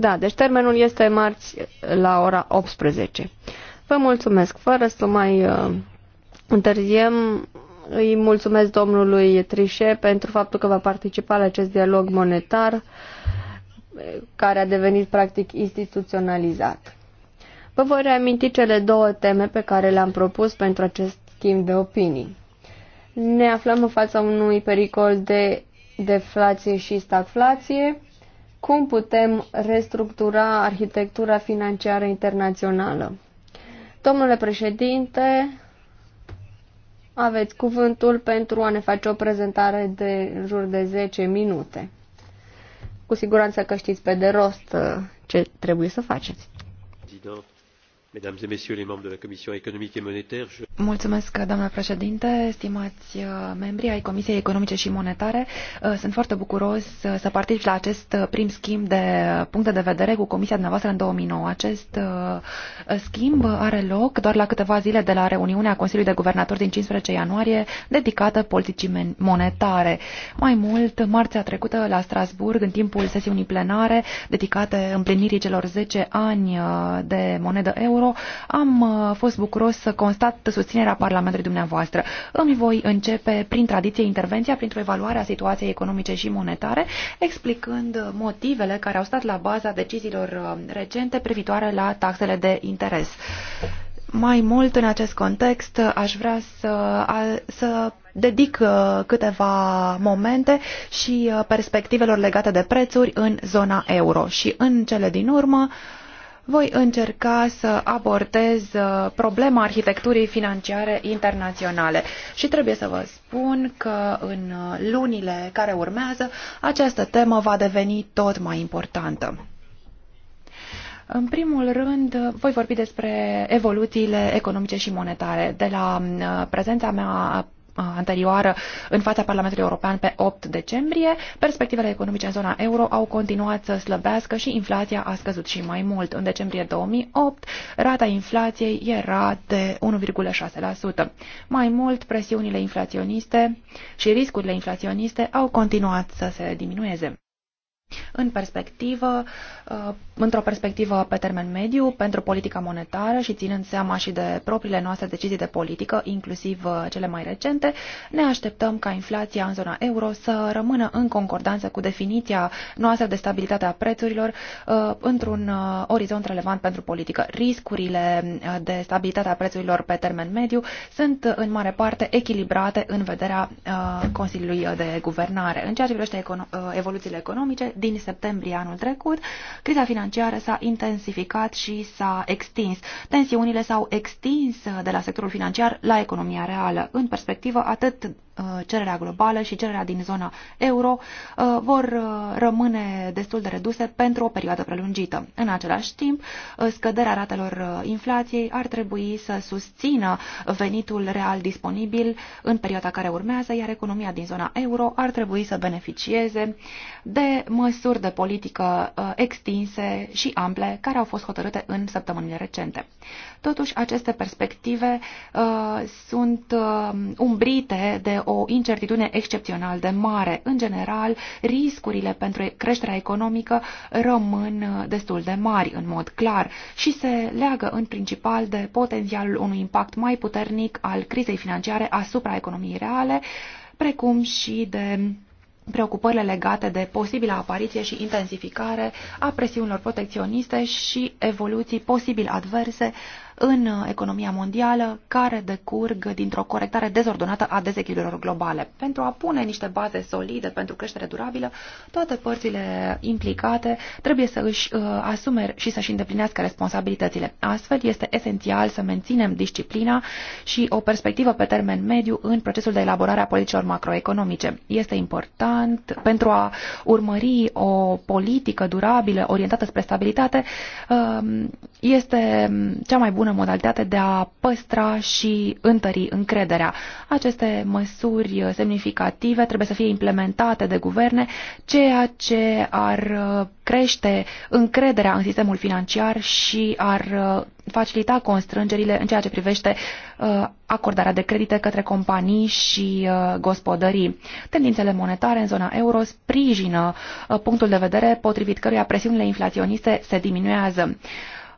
Da, deci termenul este marți la ora 18. Vă mulțumesc. Fără să mai uh, întârziem, îi mulțumesc domnului Trișe pentru faptul că va participa la acest dialog monetar care a devenit practic instituționalizat. Vă voi reaminti cele două teme pe care le-am propus pentru acest schimb de opinii. Ne aflăm în fața unui pericol de deflație și stagflație cum putem restructura arhitectura financiară internațională. Domnule președinte, aveți cuvântul pentru a ne face o prezentare de în jur de 10 minute. Cu siguranță că știți pe de rost uh, ce trebuie să faceți. Mesdames et Messieurs les membres de la Commission économique et monétaire, je... Mulțumesc, președinte, stimați uh, membri ai Comisiei Economice și Monetare. Uh, sunt foarte bucuros uh, să particip la acest prim schimb de puncte de vedere cu Comisia dumneavoastră în 2009. Acest schimb are loc doar la câteva zile de la reuniunea Consiliului de Guvernatori din 15 ianuarie, dedicată politicii monetare. Mai mult, marțea trecută la Strasburg, în timpul sesiunii plenare, dedicate împlinirii celor 10 ani de monedă euro, am uh, fost bucuros să constat susținerea Parlamentului dumneavoastră. Îmi voi începe prin tradiție intervenția, printr-o evaluare a situației economice și monetare, explicând motivele care au stat la baza deciziilor uh, recente privitoare la taxele de interes. Mai mult în acest context aș vrea să, să dedic uh, câteva momente și perspectivelor legate de prețuri în zona euro și în cele din urmă voi încerca să abordez uh, problema arhitecturii financiare internaționale și trebuie să vă spun că în uh, lunile care urmează această temă va deveni tot mai importantă. În primul rând, voi vorbi despre evoluțiile economice și monetare. De la uh, prezența mea anterioară în fața Parlamentului European pe 8 decembrie, perspectivele economice în zona euro au continuat să slăbească și inflația a scăzut și mai mult. În decembrie 2008, rata inflației era de 1,6%. Mai mult, presiunile inflaționiste și riscurile inflaționiste au continuat să se diminueze în perspectivă, uh, într-o perspectivă pe termen mediu pentru politica monetară și ținând seama și de propriile noastre decizii de politică, inclusiv uh, cele mai recente, ne așteptăm ca inflația în zona euro să rămână în concordanță cu definiția noastră de stabilitate a prețurilor uh, într-un orizont relevant pentru politică. Riscurile de stabilitate a prețurilor pe termen mediu sunt în mare parte echilibrate în vederea Consiliului de Guvernare. În ceea ce privește evoluțiile economice, din septembrie anul trecut, criza financiară s-a intensificat și s-a extins. Tensiunile s-au extins de la sectorul financiar la economia reală, în perspectivă atât Uh, cererea globală și cererea din zona euro uh, vor uh, rămâne destul de reduse pentru o perioadă prelungită. În același timp, scăderea ratelor inflației ar trebui să susțină venitul real disponibil în perioada care urmează, iar economia din zona euro ar trebui să beneficieze de măsuri de politică extinse și ample care au fost hotărâte în săptămânile recente. Totuși, aceste perspective uh, sunt uh, umbrite de o incertitudine excepțional de mare. În general, riscurile pentru creșterea economică rămân uh, destul de mari, în mod clar, și se leagă în principal de potențialul unui impact mai puternic al crizei financiare asupra economiei reale, precum și de preocupările legate de posibilă apariție și intensificare a presiunilor protecționiste și evoluții posibil adverse în uh, economia mondială care decurg dintr-o corectare dezordonată a dezechilibrelor globale. Pentru a pune niște baze solide pentru creștere durabilă, toate părțile implicate trebuie să își uh, asume și să-și îndeplinească responsabilitățile. Astfel, este esențial să menținem disciplina și o perspectivă pe termen mediu în procesul de elaborare a politicilor macroeconomice. Este important pentru a urmări o politică durabilă orientată spre stabilitate, um, este cea mai bună bună modalitate de a păstra și întări încrederea. Aceste măsuri semnificative trebuie să fie implementate de guverne, ceea ce ar uh, crește încrederea în sistemul financiar și ar uh, facilita constrângerile în ceea ce privește uh, acordarea de credite către companii și gospodării. Tendințele monetare în zona euro sprijină punctul de vedere potrivit căruia presiunile inflaționiste se diminuează.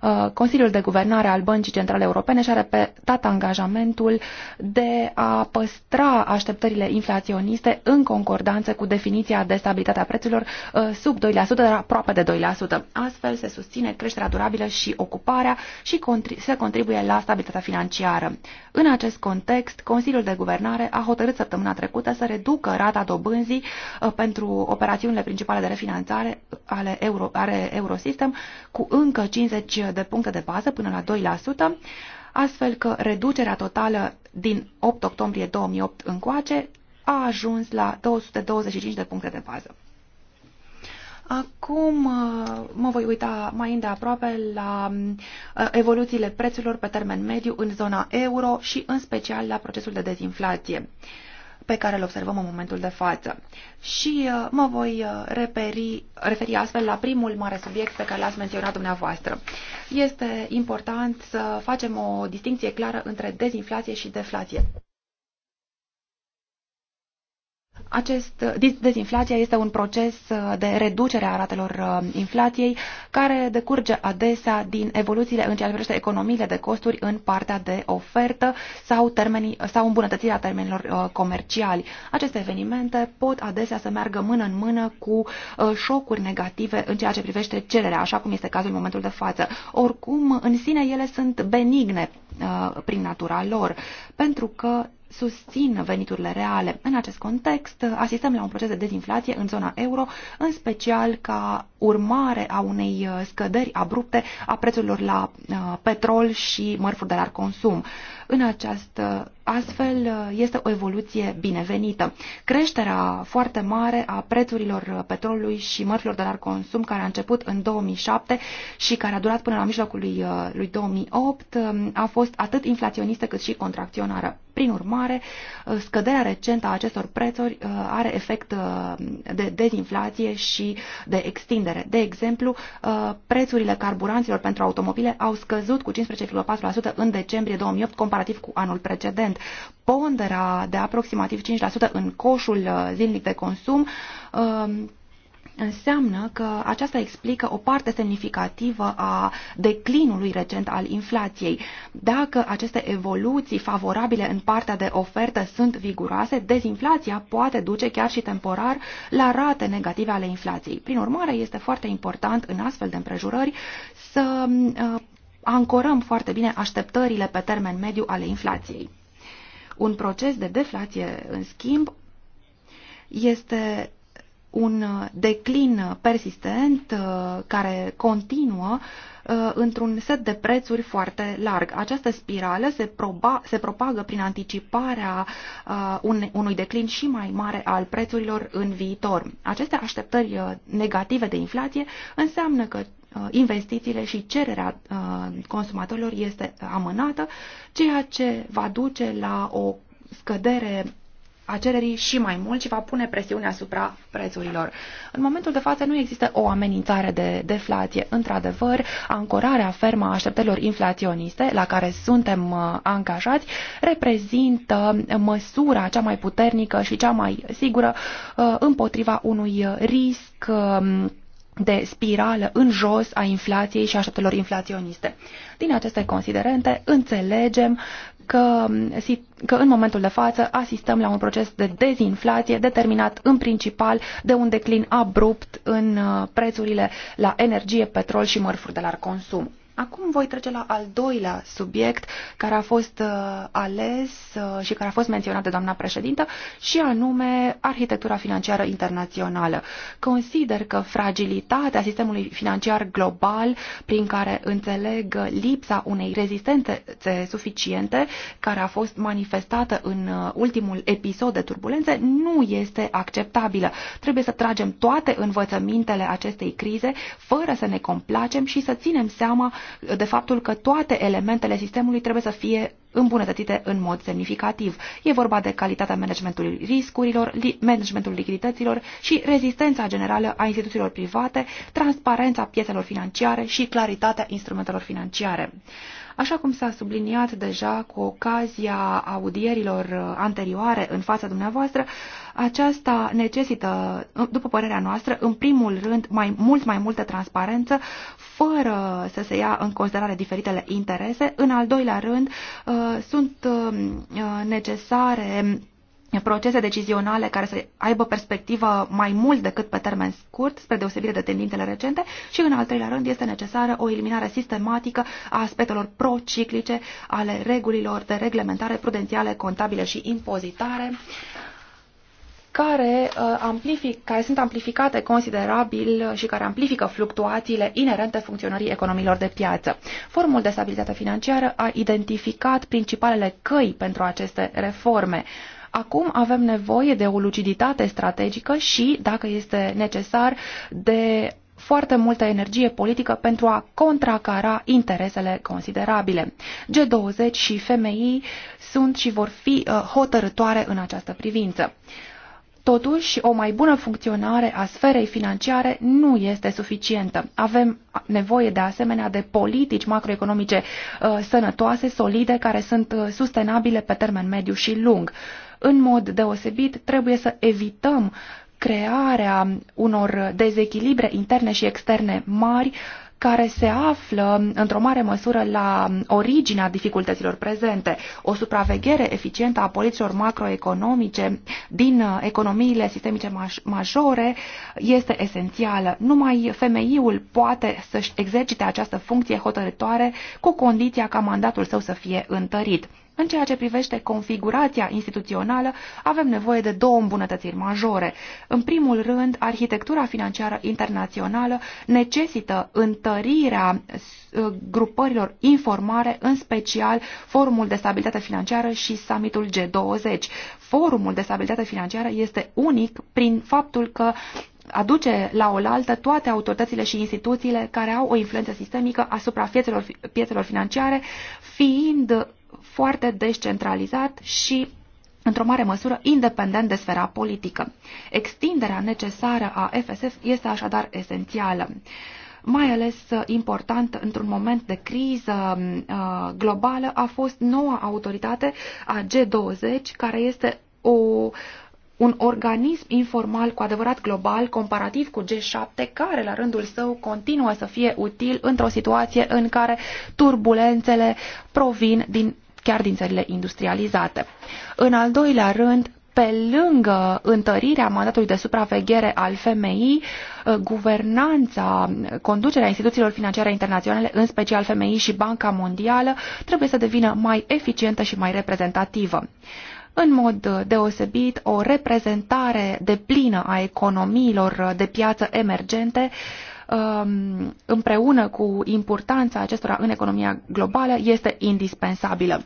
Uh, Consiliul de Guvernare al Băncii Centrale Europene și-a repetat angajamentul de a păstra așteptările inflaționiste în concordanță cu definiția de stabilitate a prețurilor uh, sub 2%, dar aproape de 2%. Astfel se susține creșterea durabilă și ocuparea și se contribuie la stabilitatea financiară. În acest context, Consiliul de Guvernare a hotărât săptămâna trecută să reducă rata dobânzii uh, pentru operațiunile principale de refinanțare ale, Euro, ale Eurosystem cu încă 50 de puncte de bază până la 2%, astfel că reducerea totală din 8 octombrie 2008 încoace a ajuns la 225 de puncte de bază. Acum uh, mă voi uita mai îndeaproape la uh, evoluțiile prețurilor pe termen mediu în zona euro și în special la procesul de dezinflație pe care îl observăm în momentul de față. Și uh, mă voi uh, reperi, referi astfel la primul mare subiect pe care l-ați menționat dumneavoastră. Este important să facem o distinție clară între dezinflație și deflație. Acest, dezinflația este un proces uh, de reducere a ratelor uh, inflației care decurge adesea din evoluțiile în ceea ce privește economiile de costuri în partea de ofertă sau, termenii, sau îmbunătățirea termenilor uh, comerciali. Aceste evenimente pot adesea să meargă mână în mână cu șocuri negative în ceea ce privește cererea, așa cum este cazul în momentul de față. Oricum, în sine ele sunt benigne prin natura lor, pentru că susțin veniturile reale. În acest context, asistăm la un proces de dezinflație în zona euro, în special ca urmare a unei uh, scăderi abrupte a prețurilor la uh, petrol și mărfuri de larg consum. În această astfel este o evoluție binevenită. Creșterea foarte mare a prețurilor petrolului și mărfilor de la consum care a început în 2007 și care a durat până la mijlocul lui, lui 2008 a fost atât inflaționistă cât și contracționară. Prin urmare, scăderea recentă a acestor prețuri uh, are efect uh, de dezinflație și de extindere. De exemplu, uh, prețurile carburanților pentru automobile au scăzut cu 15,4% în decembrie 2008 comparativ comparativ cu anul precedent. Ponderea de aproximativ 5% în coșul uh, zilnic de consum um, înseamnă că aceasta explică o parte semnificativă a declinului recent al inflației. Dacă aceste evoluții favorabile în partea de ofertă sunt viguroase, dezinflația poate duce chiar și temporar la rate negative ale inflației. Prin urmare, este foarte important în astfel de împrejurări să uh, ancorăm foarte bine așteptările pe termen mediu ale inflației. Un proces de deflație, în schimb, este un declin persistent uh, care continuă uh, într-un set de prețuri foarte larg. Această spirală se, proba, se propagă prin anticiparea uh, unui declin și mai mare al prețurilor în viitor. Aceste așteptări negative de inflație înseamnă că Uh, investițiile și cererea uh, consumatorilor este amânată, ceea ce va duce la o scădere a cererii și mai mult și va pune presiune asupra prețurilor. În momentul de față nu există o amenințare de deflație. Într-adevăr, ancorarea fermă a așteptărilor inflaționiste la care suntem uh, angajați reprezintă măsura cea mai puternică și cea mai sigură împotriva unui risc um, de spirală în jos a inflației și așteptelor inflaționiste. Din aceste considerente înțelegem că, că în momentul de față asistăm la un proces de dezinflație determinat în principal de un declin abrupt în uh, prețurile la energie, petrol și mărfuri de la consum. Acum voi trece la al doilea subiect care a fost uh, ales uh, și care a fost menționat de doamna președintă și anume arhitectura financiară internațională. Consider că fragilitatea sistemului financiar global, prin care înțeleg lipsa unei rezistențe suficiente care a fost manifestată în uh, ultimul episod de turbulențe, nu este acceptabilă. Trebuie să tragem toate învățămintele acestei crize fără să ne complacem și să ținem seama de faptul că toate elementele sistemului trebuie să fie îmbunătățite în mod semnificativ. E vorba de calitatea managementului riscurilor, li managementul lichidităților și rezistența generală a instituțiilor private, transparența piețelor financiare și claritatea instrumentelor financiare. Așa cum s-a subliniat deja cu ocazia audierilor uh, anterioare în fața dumneavoastră, aceasta necesită, după părerea noastră, în primul rând, mai mult mai multă transparență, fără să se ia în considerare diferitele interese. În al doilea rând, uh, sunt uh, uh, necesare procese decizionale care să aibă perspectivă mai mult decât pe termen scurt, spre deosebire de tendințele recente, și în al treilea rând este necesară o eliminare sistematică a aspectelor prociclice ale regulilor de reglementare prudențiale, contabile și impozitare care, uh, amplific, care sunt amplificate considerabil și care amplifică fluctuațiile inerente funcționării economiilor de piață. Forumul de stabilitate financiară a identificat principalele căi pentru aceste reforme. Acum avem nevoie de o luciditate strategică și, dacă este necesar, de foarte multă energie politică pentru a contracara interesele considerabile. G20 și FMI sunt și vor fi uh, hotărătoare în această privință. Totuși, o mai bună funcționare a sferei financiare nu este suficientă. Avem nevoie de asemenea de politici macroeconomice uh, sănătoase, solide, care sunt uh, sustenabile pe termen mediu și lung. În mod deosebit, trebuie să evităm crearea unor dezechilibre interne și externe mari care se află într-o mare măsură la originea dificultăților prezente. O supraveghere eficientă a politicilor macroeconomice din uh, economiile sistemice majore este esențială. Numai femeiul poate să-și exercite această funcție hotărătoare cu condiția ca mandatul său să fie întărit. În ceea ce privește configurația instituțională, avem nevoie de două îmbunătățiri majore. În primul rând, arhitectura financiară internațională necesită întărirea uh, grupărilor informare, în special Forumul de Stabilitate Financiară și Summitul G20. Forumul de Stabilitate Financiară este unic prin faptul că aduce la oaltă toate autoritățile și instituțiile care au o influență sistemică asupra piețelor, piețelor financiare, fiind foarte descentralizat și într-o mare măsură independent de sfera politică. Extinderea necesară a FSF este așadar esențială mai ales uh, important într-un moment de criză uh, globală, a fost noua autoritate a G20, care este o, un organism informal cu adevărat global, comparativ cu G7, care la rândul său continuă să fie util într-o situație în care turbulențele provin din chiar din țările industrializate. În al doilea rând, pe lângă întărirea mandatului de supraveghere al FMI, uh, guvernanța, conducerea instituțiilor financiare internaționale, în special FMI și Banca Mondială, trebuie să devină mai eficientă și mai reprezentativă. În mod uh, deosebit, o reprezentare deplină a economiilor uh, de piață emergente uh, Um, împreună cu importanța acestora în economia globală este indispensabilă.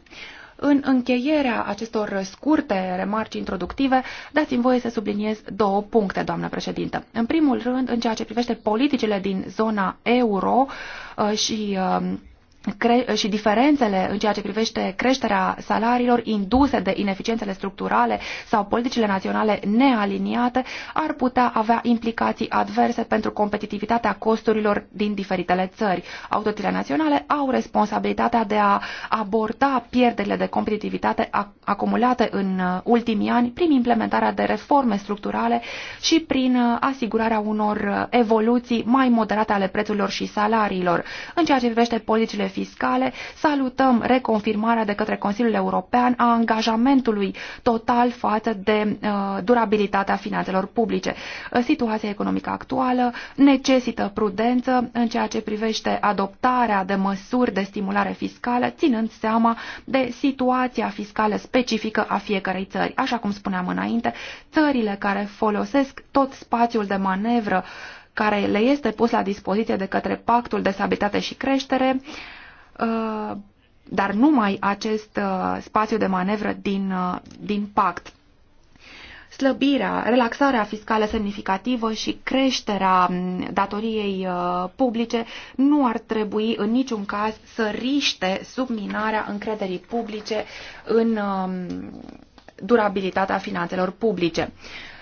În încheierea acestor scurte remarci introductive, dați-mi voie să subliniez două puncte, doamnă președintă. În primul rând, în ceea ce privește politicile din zona euro uh, și um, și diferențele în ceea ce privește creșterea salariilor induse de ineficiențele structurale sau politicile naționale nealiniate ar putea avea implicații adverse pentru competitivitatea costurilor din diferitele țări. Autoritățile naționale au responsabilitatea de a aborda pierderile de competitivitate acumulate în uh, ultimii ani prin implementarea de reforme structurale și prin uh, asigurarea unor uh, evoluții mai moderate ale prețurilor și salariilor. În ceea ce privește politicile fiscale, salutăm reconfirmarea de către Consiliul European a angajamentului total față de uh, durabilitatea finanțelor publice. Uh, situația economică actuală necesită prudență în ceea ce privește adoptarea de măsuri de stimulare fiscală, ținând seama de situația fiscală specifică a fiecărei țări. Așa cum spuneam înainte, țările care folosesc tot spațiul de manevră care le este pus la dispoziție de către Pactul de Stabilitate și Creștere, Uh, dar numai acest uh, spațiu de manevră din, uh, din pact. Slăbirea, relaxarea fiscală semnificativă și creșterea mm, datoriei publice nu ar trebui în niciun caz să riște subminarea încrederii publice în um, durabilitatea finanțelor publice. Uh,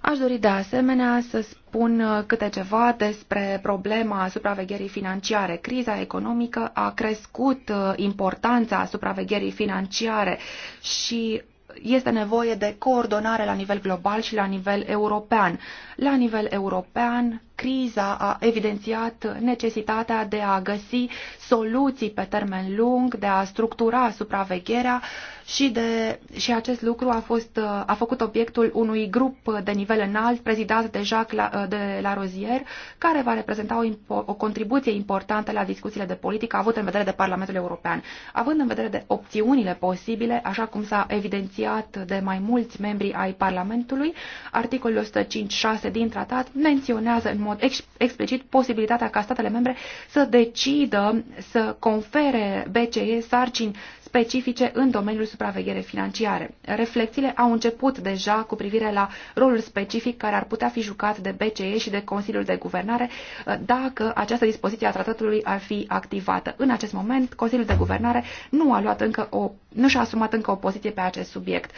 Aș dori de asemenea să spun uh, câte ceva despre problema supravegherii financiare. Criza economică a crescut uh, importanța supravegherii financiare și este nevoie de coordonare la nivel global și la nivel european. La nivel european, criza a evidențiat necesitatea de a găsi soluții pe termen lung, de a structura supravegherea și, de, și acest lucru a, fost, a făcut obiectul unui grup de nivel înalt prezidat de Jacques la, de la Rozier, care va reprezenta o, o contribuție importantă la discuțiile de politică avut în vedere de Parlamentul European. Având în vedere de opțiunile posibile, așa cum s-a evidențiat de mai mulți membri ai Parlamentului, articolul 105.6 din tratat menționează în mod mod ex explicit posibilitatea ca statele membre să decidă să confere BCE sarcini specifice în domeniul supraveghere financiare. Reflexiile au început deja cu privire la rolul specific care ar putea fi jucat de BCE și de Consiliul de Guvernare uh, dacă această dispoziție a tratatului ar fi activată. În acest moment, Consiliul de Guvernare nu a luat încă o, nu și-a asumat încă o poziție pe acest subiect.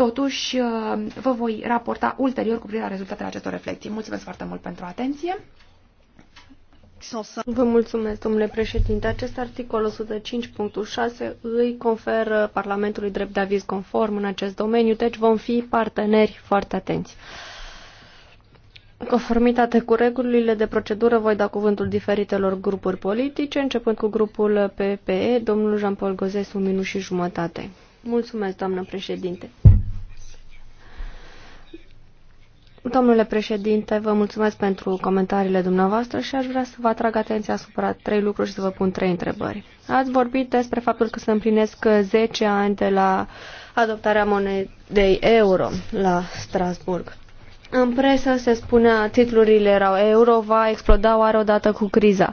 Totuși, uh, vă voi raporta ulterior cu privire la rezultatele acestor reflecții. Mulțumesc foarte mult pentru atenție. Vă mulțumesc, domnule președinte. Acest articol 105.6 îi conferă Parlamentului drept de aviz conform în acest domeniu, deci vom fi parteneri foarte atenți. Conformitate cu regulile de procedură, voi da cuvântul diferitelor grupuri politice, începând cu grupul PPE, domnul Jean-Paul Gozes, un minut și jumătate. Mulțumesc, doamnă președinte. Domnule președinte, vă mulțumesc pentru comentariile dumneavoastră și aș vrea să vă atrag atenția asupra trei lucruri și să vă pun trei întrebări. Ați vorbit despre faptul că se împlinesc 10 ani de la adoptarea monedei euro la Strasburg. În presă se spunea titlurile erau euro va exploda oare odată cu criza.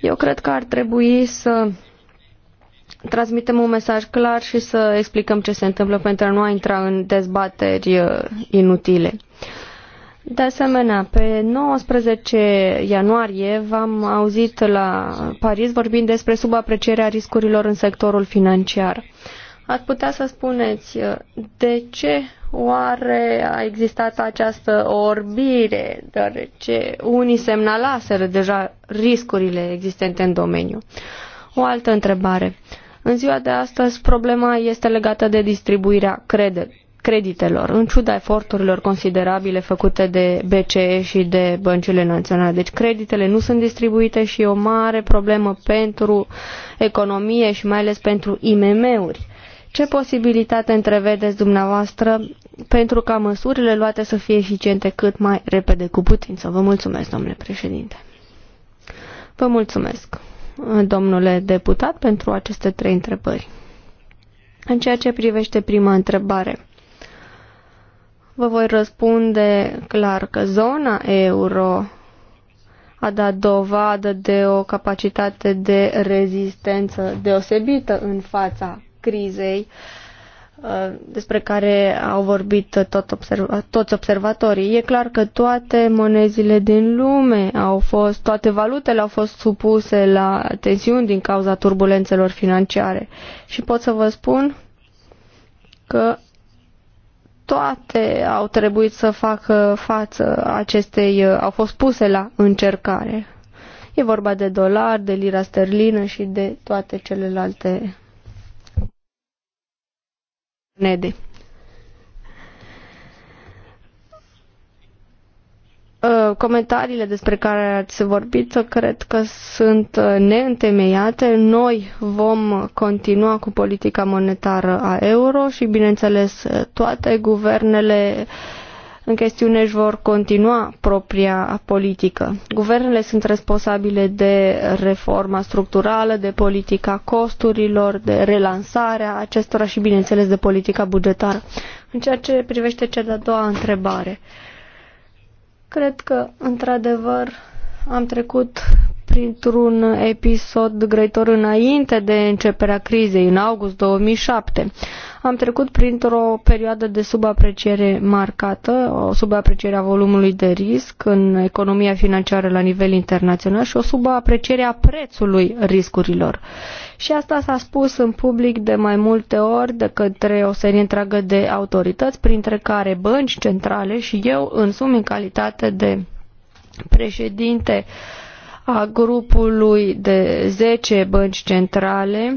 Eu cred că ar trebui să transmitem un mesaj clar și să explicăm ce se întâmplă pentru a nu a intra în dezbateri uh, inutile. De asemenea, pe 19 ianuarie v-am auzit la Paris vorbind despre subaprecierea riscurilor în sectorul financiar. Ați putea să spuneți uh, de ce oare a existat această orbire, deoarece unii semnalaseră deja riscurile existente în domeniu. O altă întrebare. În ziua de astăzi, problema este legată de distribuirea credit creditelor, în ciuda eforturilor considerabile făcute de BCE și de băncile naționale. Deci creditele nu sunt distribuite și e o mare problemă pentru economie și mai ales pentru IMM-uri. Ce posibilitate întrevedeți dumneavoastră pentru ca măsurile luate să fie eficiente cât mai repede cu putință? Vă mulțumesc, domnule președinte. Vă mulțumesc, domnule deputat, pentru aceste trei întrebări. În ceea ce privește prima întrebare, vă voi răspunde clar că zona euro a dat dovadă de o capacitate de rezistență deosebită în fața crizei uh, despre care au vorbit tot observa- toți observatorii. E clar că toate monezile din lume au fost, toate valutele au fost supuse la tensiuni din cauza turbulențelor financiare. Și pot să vă spun că toate au trebuit să facă față acestei, uh, au fost puse la încercare. E vorba de dolar, de lira sterlină și de toate celelalte monede. Uh, comentariile despre care ați vorbit uh, cred că sunt uh, neîntemeiate. Noi vom continua cu politica monetară a euro și, bineînțeles, toate guvernele în chestiune își vor continua propria politică. Guvernele sunt responsabile de reforma structurală, de politica costurilor, de relansarea acestora și, bineînțeles, de politica bugetară. În ceea ce privește cea de-a doua întrebare, uh, Cred că, într-adevăr, am trecut printr-un episod grăitor înainte de începerea crizei, în august 2007. Am trecut printr-o perioadă de subapreciere marcată, o subapreciere a volumului de risc în economia financiară la nivel internațional și o subapreciere a prețului riscurilor. Și asta s-a spus în public de mai multe ori de către o serie întreagă de autorități, printre care bănci centrale și eu însumi în calitate de președinte uh, a grupului de 10 bănci centrale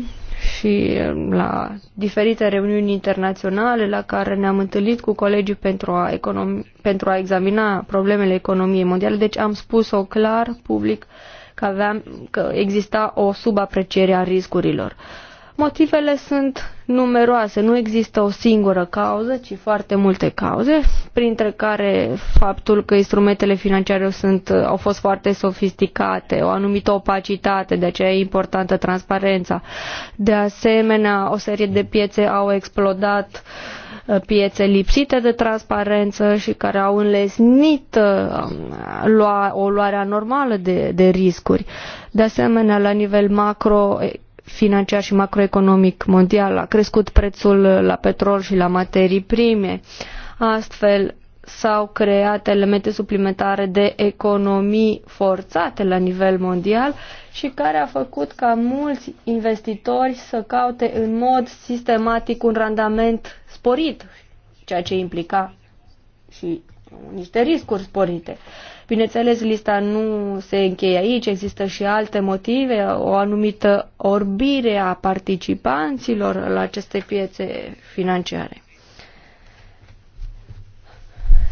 și la diferite reuniuni internaționale la care ne-am întâlnit cu colegii pentru a, economi- pentru a examina problemele economiei mondiale. Deci am spus-o clar, public, că, aveam, că exista o subapreciere a riscurilor. Uh, Motivele sunt numeroase, nu există o singură cauză, ci foarte multe cauze, printre care faptul că instrumentele financiare sunt, au fost foarte sofisticate, o anumită opacitate, de aceea e importantă transparența. De asemenea, o serie de piețe au explodat uh, piețe lipsite de transparență și care au înlesnit uh, o luare anormală de, de riscuri. De asemenea, la nivel macro financiar și macroeconomic mondial. A crescut prețul la petrol și la materii prime. Astfel, s-au creat elemente suplimentare de economii forțate la nivel mondial și care a făcut ca mulți investitori să caute în mod sistematic un randament sporit, ceea ce implica și niște riscuri sporite. Bineînțeles, lista nu se încheie aici, există și alte motive, o anumită orbire a participanților la aceste piețe financiare.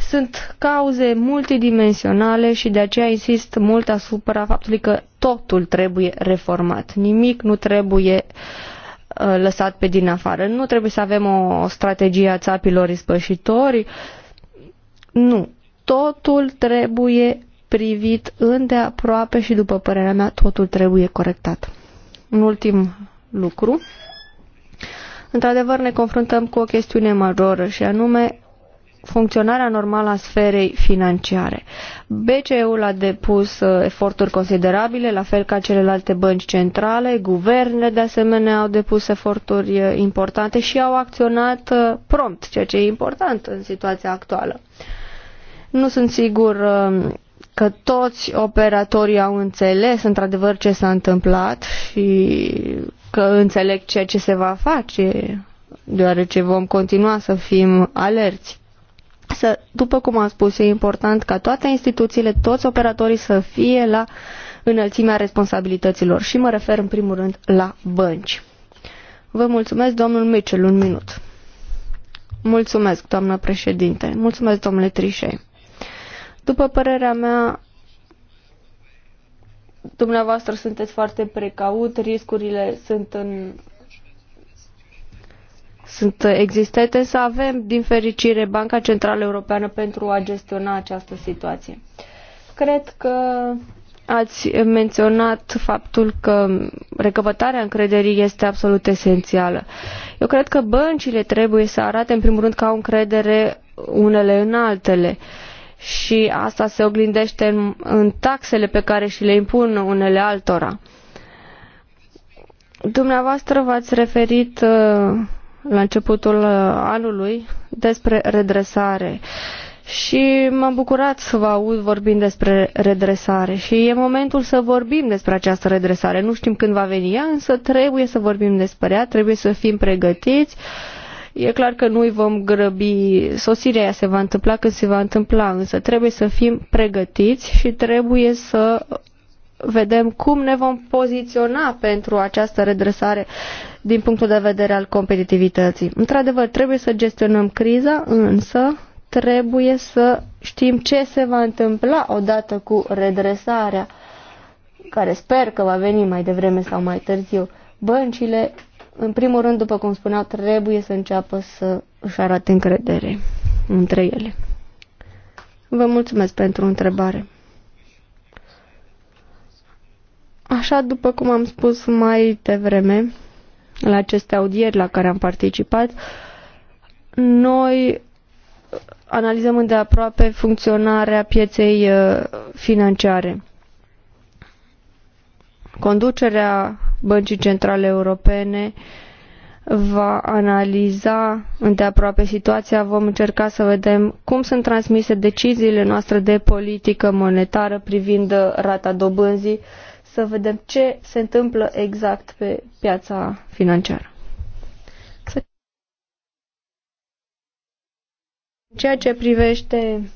Sunt cauze multidimensionale și de aceea insist mult asupra faptului că totul trebuie reformat. Nimic nu trebuie uh, lăsat pe din afară. Nu trebuie să avem o strategie a țapilor ispășitori. Nu totul trebuie privit îndeaproape și, după părerea mea, totul trebuie corectat. Un ultim lucru. Într-adevăr, ne confruntăm cu o chestiune majoră și anume funcționarea normală a sferei financiare. BCE-ul a depus uh, eforturi considerabile, la fel ca celelalte bănci centrale, guvernele de asemenea au depus eforturi uh, importante și au acționat uh, prompt, ceea ce e important în situația actuală. Nu sunt sigur um, că toți operatorii au înțeles într-adevăr ce s-a întâmplat și că înțeleg ceea ce se va face, deoarece vom continua să fim alerți. Să, după cum am spus, e important ca toate instituțiile, toți operatorii să fie la înălțimea responsabilităților și mă refer în primul rând la bănci. Vă mulțumesc, domnul Mitchell, un minut. Mulțumesc, doamnă președinte. Mulțumesc, domnule Trișei. După părerea mea, dumneavoastră sunteți foarte precaut, riscurile sunt în sunt existente, să avem, din fericire, Banca Centrală Europeană pentru a gestiona această situație. Cred că ați menționat faptul că recăpătarea încrederii este absolut esențială. Eu cred că băncile trebuie să arate, în primul rând, că au încredere unele în altele. Uh, și asta se oglindește în, în taxele pe care și le impun unele altora. Dumneavoastră v-ați referit uh, la începutul uh, anului despre redresare și m-am bucurat să vă aud vorbind despre redresare și e momentul să vorbim despre această redresare. Nu știm când va veni ea, însă trebuie să vorbim despre ea, trebuie să fim pregătiți uh, E clar că nu îi vom grăbi, sosirea aia se va întâmpla când se va întâmpla, însă trebuie să fim pregătiți și trebuie să vedem cum ne vom poziționa pentru această redresare din punctul de vedere al competitivității. Într-adevăr, trebuie să gestionăm criza, însă trebuie să știm ce se va întâmpla odată cu redresarea, care sper că va veni mai devreme sau mai târziu. Băncile în primul rând, după cum spuneau, trebuie să înceapă să își arate încredere între ele. Vă mulțumesc pentru întrebare. Așa, după cum am spus mai devreme, la aceste audieri la care am participat, noi analizăm îndeaproape funcționarea pieței uh, financiare. Conducerea Băncii Centrale Europene va analiza îndeaproape situația, vom încerca să vedem cum sunt transmise deciziile noastre de politică monetară privind rata dobânzii, să vedem ce se întâmplă exact pe piața financiară. Ceea ce privește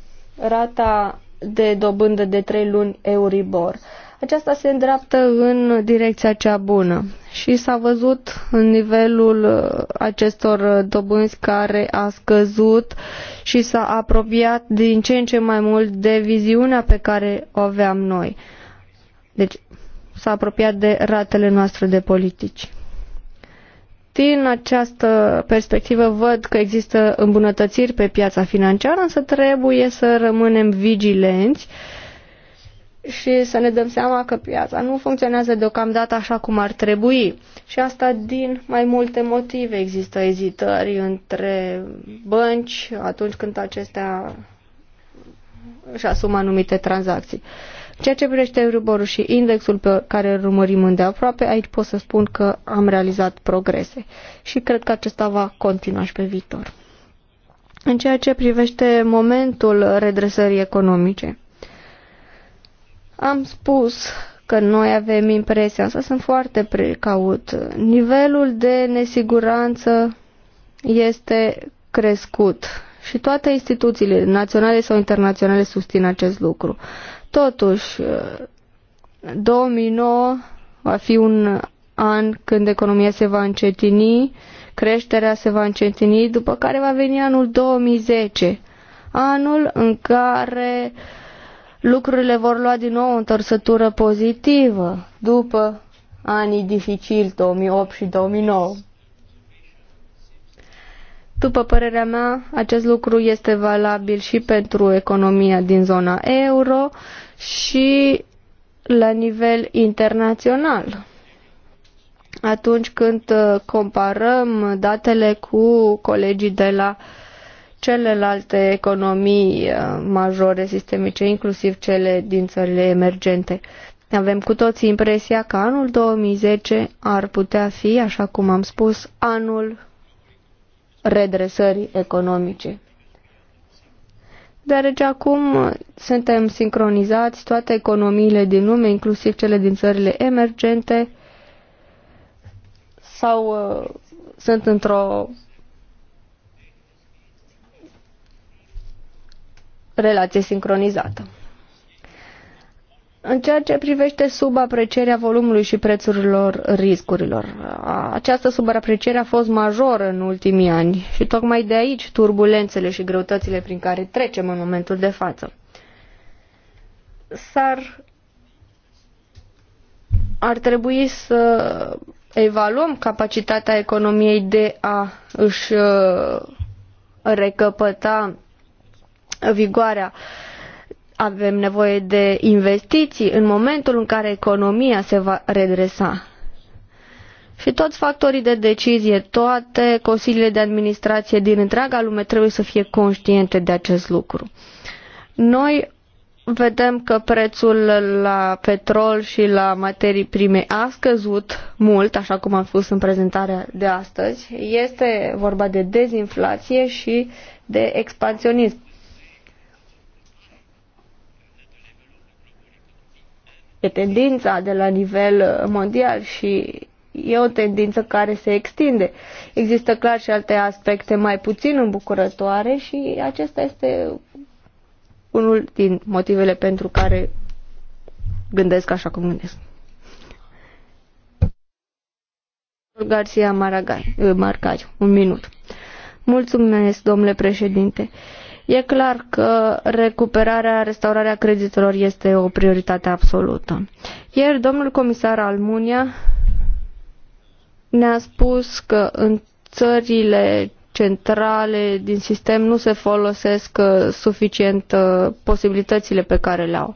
rata de dobândă de 3 luni Euribor aceasta se îndreaptă în direcția cea bună și s-a văzut în nivelul uh, acestor uh, dobânzi care a scăzut și s-a apropiat din ce în ce mai mult de viziunea pe care o aveam noi. Deci s-a apropiat de ratele noastre de politici. Din această perspectivă văd că există îmbunătățiri pe piața financiară, însă trebuie să rămânem vigilenți uh, și să ne dăm seama că piața nu funcționează deocamdată așa cum ar trebui. Și asta din mai multe motive. Există ezitări între bănci atunci când acestea își asumă anumite tranzacții. Ceea ce privește Euriborul și indexul pe care îl urmărim îndeaproape, aici pot să spun că am realizat progrese și cred că acesta va continua și pe viitor. În ceea ce privește momentul redresării economice, am spus că noi avem impresia, însă sunt foarte precaut. Nivelul de nesiguranță este crescut și toate instituțiile naționale sau internaționale susțin acest lucru. Totuși, 2009 va fi un an când economia se va încetini, creșterea se va încetini, după care va veni anul 2010, anul în care uh, lucrurile vor lua din nou o întorsătură pozitivă după anii dificili 2008 și 2009. După părerea mea, acest lucru este valabil și pentru economia din zona euro și la nivel internațional. Atunci când uh, comparăm datele cu colegii de la uh, celelalte economii uh, majore sistemice, inclusiv cele din țările emergente. Avem cu toții impresia că anul 2010 ar putea fi, așa cum am spus, anul redresării economice. Deoarece acum suntem sincronizați, toate economiile din lume, inclusiv cele din țările emergente, sau uh, sunt într-o relație sincronizată. În ceea ce privește subaprecierea volumului și prețurilor riscurilor, această subapreciere a fost majoră în ultimii ani și tocmai de aici turbulențele și greutățile prin care trecem în momentul de față. S-ar ar trebui să evaluăm capacitatea economiei de a își uh, recăpăta vigoarea. Avem nevoie de investiții în momentul în care economia se va redresa. Și toți factorii de decizie, toate consiliile de administrație din întreaga lume trebuie să fie conștiente de acest lucru. Noi vedem că prețul la petrol și la materii prime a scăzut mult, așa cum am spus în prezentarea de astăzi. Este vorba de dezinflație și de expansionism. E tendința de la nivel mondial și e o tendință care se extinde. Există clar și alte aspecte mai puțin îmbucurătoare și acesta este unul din motivele pentru care gândesc așa cum gândesc. Garcia Maragai, Marcari, un minut. Mulțumesc, domnule președinte. Uh, E clar că recuperarea, restaurarea creditelor este o prioritate absolută. Ieri, domnul comisar Almunia ne-a spus că în țările centrale din sistem nu se folosesc uh, suficient uh, posibilitățile pe care le au.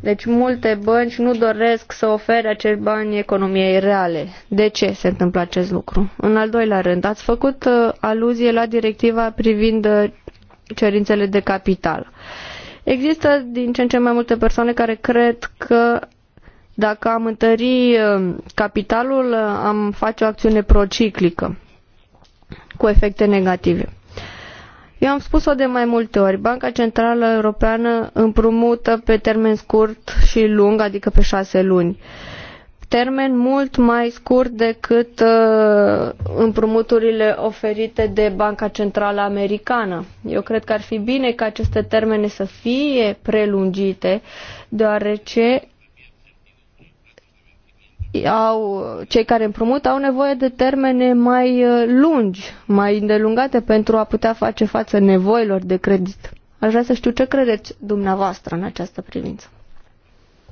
Deci multe bănci nu doresc să ofere acești bani economiei reale. De ce se întâmplă acest lucru? În al doilea rând, ați făcut uh, aluzie la directiva privind cerințele de capital. Există din ce în ce mai multe persoane care cred că dacă am întări uh, capitalul, uh, am face o acțiune prociclică cu efecte negative. Eu am spus-o de mai multe ori, Banca Centrală Europeană împrumută pe termen scurt și lung, adică pe șase luni. Uh, termen mult mai scurt decât uh, împrumuturile oferite de Banca Centrală Americană. Eu cred că ar fi bine ca aceste termene să fie prelungite, deoarece au, cei care împrumută au nevoie de termene mai uh, lungi, mai îndelungate pentru a putea face față nevoilor de credit. Aș vrea să știu ce credeți dumneavoastră în această privință.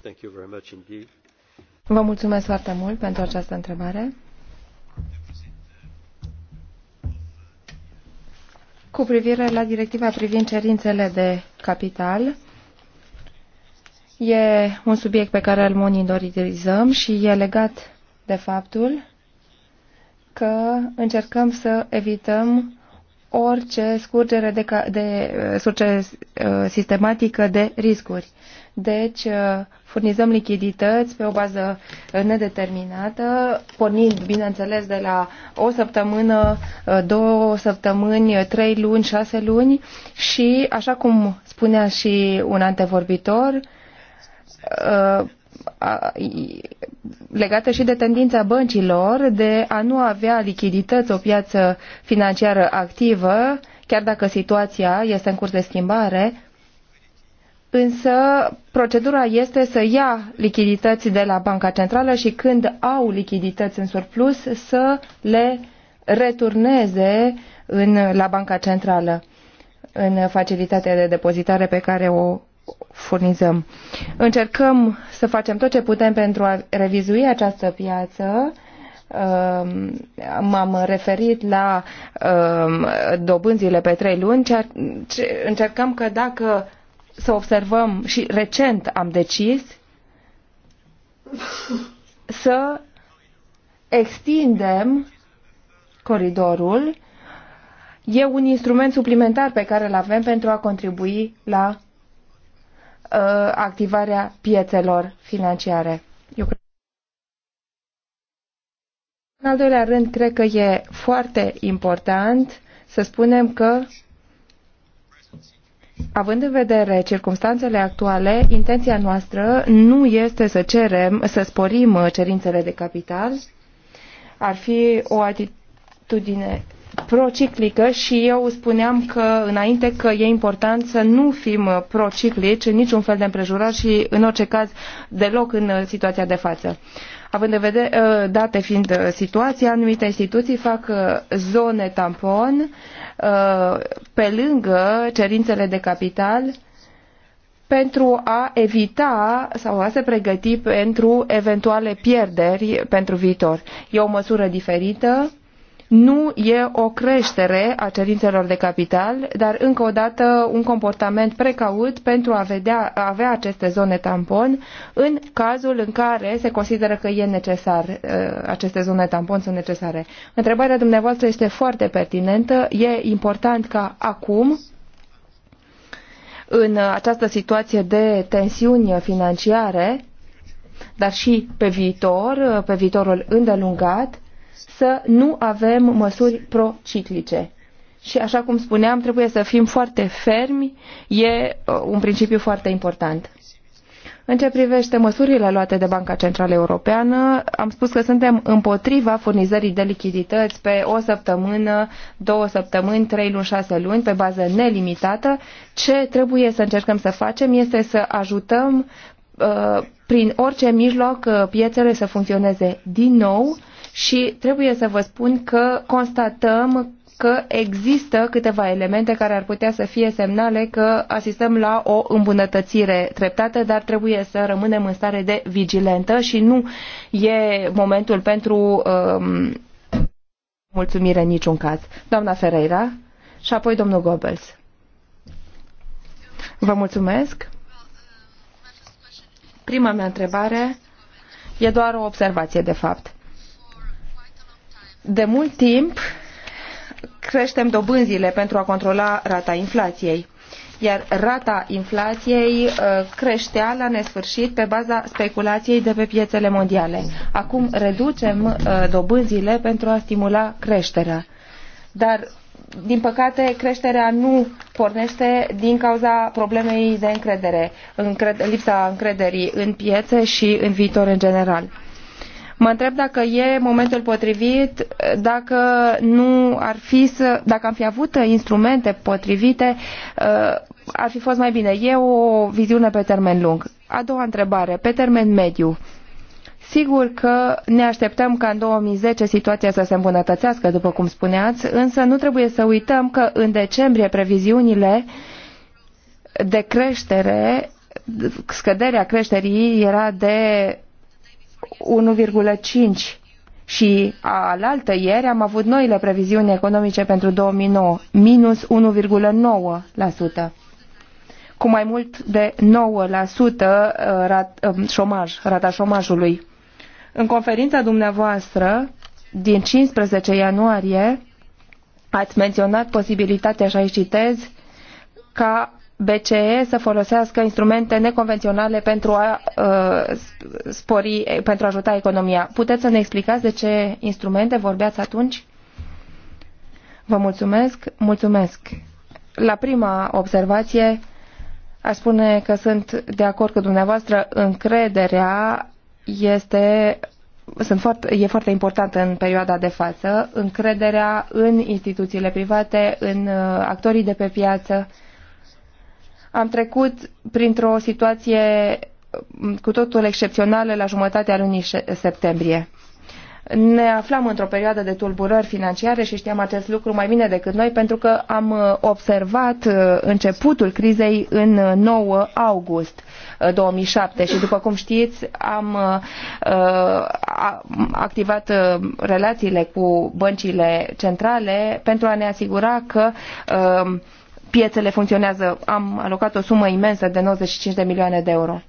Thank you very much indeed. Vă mulțumesc foarte mult pentru această întrebare. Cu privire la directiva privind cerințele de capital, e un subiect pe care îl monitorizăm și e legat de faptul că încercăm să evităm orice scurgere, de, de, uh, surce uh, sistematică de riscuri. Deci, uh, furnizăm lichidități pe o bază nedeterminată, pornind, bineînțeles, de la o săptămână, două săptămâni, trei luni, șase luni și, așa cum spunea și un antevorbitor, legată și de tendința băncilor de a nu avea lichidități, o piață financiară activă, chiar dacă situația este în curs de schimbare, însă procedura este să ia lichidități de la Banca Centrală și când au lichidități în surplus să le returneze în, la Banca Centrală în facilitatea de depozitare pe care o furnizăm. Încercăm să facem tot ce putem pentru a revizui această piață. Ehm, m-am referit la ehm, dobânzile pe trei luni. Încercăm că dacă să observăm și recent am decis să extindem coridorul. E un instrument suplimentar pe care îl avem pentru a contribui la Uh, activarea piețelor financiare. Eu cred în al doilea rând, cred că e foarte important să spunem că, având în vedere circumstanțele actuale, intenția noastră nu este să cerem, să sporim uh, cerințele de capital. Ar fi o atitudine prociclică și eu spuneam că înainte că e important să nu fim prociclici în niciun fel de împrejurat și în orice caz deloc în situația de față. Având de vedere, ă, date fiind situația, anumite instituții fac ă, zone tampon ă, pe lângă cerințele de capital pentru a evita sau a se pregăti pentru eventuale pierderi pentru viitor. E o măsură diferită nu e o creștere a cerințelor de capital, dar încă o dată un comportament precaut pentru a, vedea, a avea aceste zone tampon în cazul în care se consideră că e necesar, uh, aceste zone tampon sunt necesare. Întrebarea dumneavoastră este foarte pertinentă. E important ca acum, în această situație de tensiuni financiare, dar și pe viitor, pe viitorul îndelungat, să nu avem măsuri prociclice. Și așa cum spuneam, trebuie să fim foarte fermi, e uh, un principiu foarte important. În ce privește măsurile luate de Banca Centrală Europeană, am spus că suntem împotriva furnizării de lichidități pe o săptămână, două săptămâni, trei luni, șase luni, pe bază nelimitată. Ce trebuie să încercăm să facem este să ajutăm uh, prin orice mijloc uh, piețele să funcționeze din nou și trebuie să vă spun că constatăm că există câteva elemente care ar putea să fie semnale că asistăm la o îmbunătățire treptată, dar trebuie să rămânem în stare de vigilentă și nu e momentul pentru um, mulțumire în niciun caz. Doamna Ferreira și apoi domnul Goebbels. Vă mulțumesc. Prima mea întrebare e doar o observație, de fapt. De mult timp creștem dobânzile pentru a controla rata inflației iar rata inflației uh, creștea la nesfârșit pe baza speculației de pe piețele mondiale. Acum reducem uh, dobânzile pentru a stimula creșterea. Dar, din păcate, creșterea nu pornește din cauza problemei de încredere, lipsa încrederii în piețe și în viitor în general Mă întreb dacă e momentul potrivit, dacă nu ar fi să, dacă am fi avut instrumente potrivite, uh, ar fi fost mai bine. E o viziune pe termen lung. A doua întrebare, pe termen mediu. Sigur că ne așteptăm ca în 2010 situația să se îmbunătățească, după cum spuneați, însă nu trebuie să uităm că în decembrie previziunile de creștere, scăderea creșterii era de 1,5 și alaltă ieri am avut noile previziuni economice pentru 2009, minus 1,9%, cu mai mult de 9% uh, rat, um, șomaj, rata șomajului. În conferința dumneavoastră din 15 ianuarie ați menționat posibilitatea, așa citez, ca BCE să folosească instrumente neconvenționale pentru a uh, spori, pentru a ajuta economia. Puteți să ne explicați de ce instrumente vorbeați atunci? Vă mulțumesc, mulțumesc. La prima observație, aș spune că sunt de acord cu dumneavoastră. Încrederea este sunt foarte, e foarte importantă în perioada de față, încrederea în instituțiile private, în uh, actorii de pe piață, am trecut printr-o situație mm, cu totul excepțională la jumătatea lunii septembrie. Ne aflam într-o perioadă de tulburări financiare și știam acest lucru mai bine decât noi pentru că am uh, observat uh, începutul crizei în 9 uh, august 2007 și după cum știți am activat relațiile cu băncile centrale pentru a ne asigura că piețele funcționează. Am alocat o sumă imensă de 95 de milioane de euro.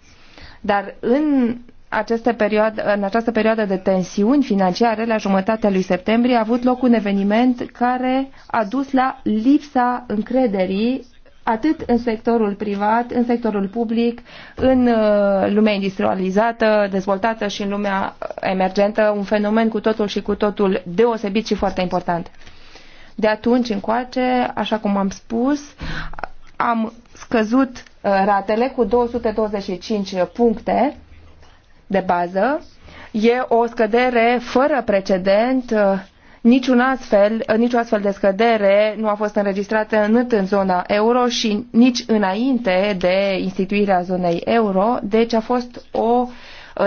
Dar în, aceste perioadă, în această perioadă de tensiuni financiare, la jumătatea lui septembrie, a avut loc un eveniment care a dus la lipsa încrederii atât în sectorul privat, în sectorul public, în uh, lumea industrializată, dezvoltată și în lumea emergentă, un fenomen cu totul și cu totul deosebit și foarte important. De atunci încoace, așa cum am spus, am scăzut uh, ratele cu 225 puncte de bază. E o scădere fără precedent uh, Niciun astfel, uh, nicio astfel de scădere nu a fost înregistrată nici în zona euro și nici înainte de instituirea zonei euro, deci a fost o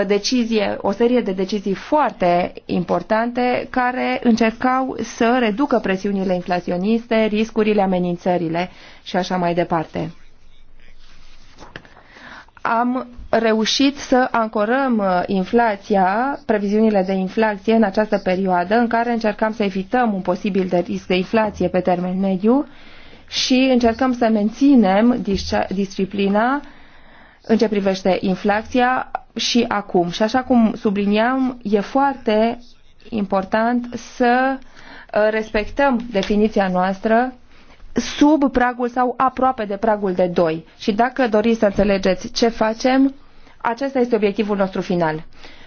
decizie, o serie de decizii foarte importante care încercau să reducă presiunile inflaționiste, riscurile, amenințările și așa mai departe am reușit să ancorăm uh, inflația, previziunile de inflație în această perioadă în care încercam să evităm un posibil de risc de inflație pe termen mediu și încercăm să menținem disciplina în ce privește inflația și acum. Și așa cum subliniam, e foarte important să uh, respectăm definiția noastră sub pragul sau aproape de pragul de 2. Și dacă doriți să înțelegeți ce facem, acesta este obiectivul nostru final.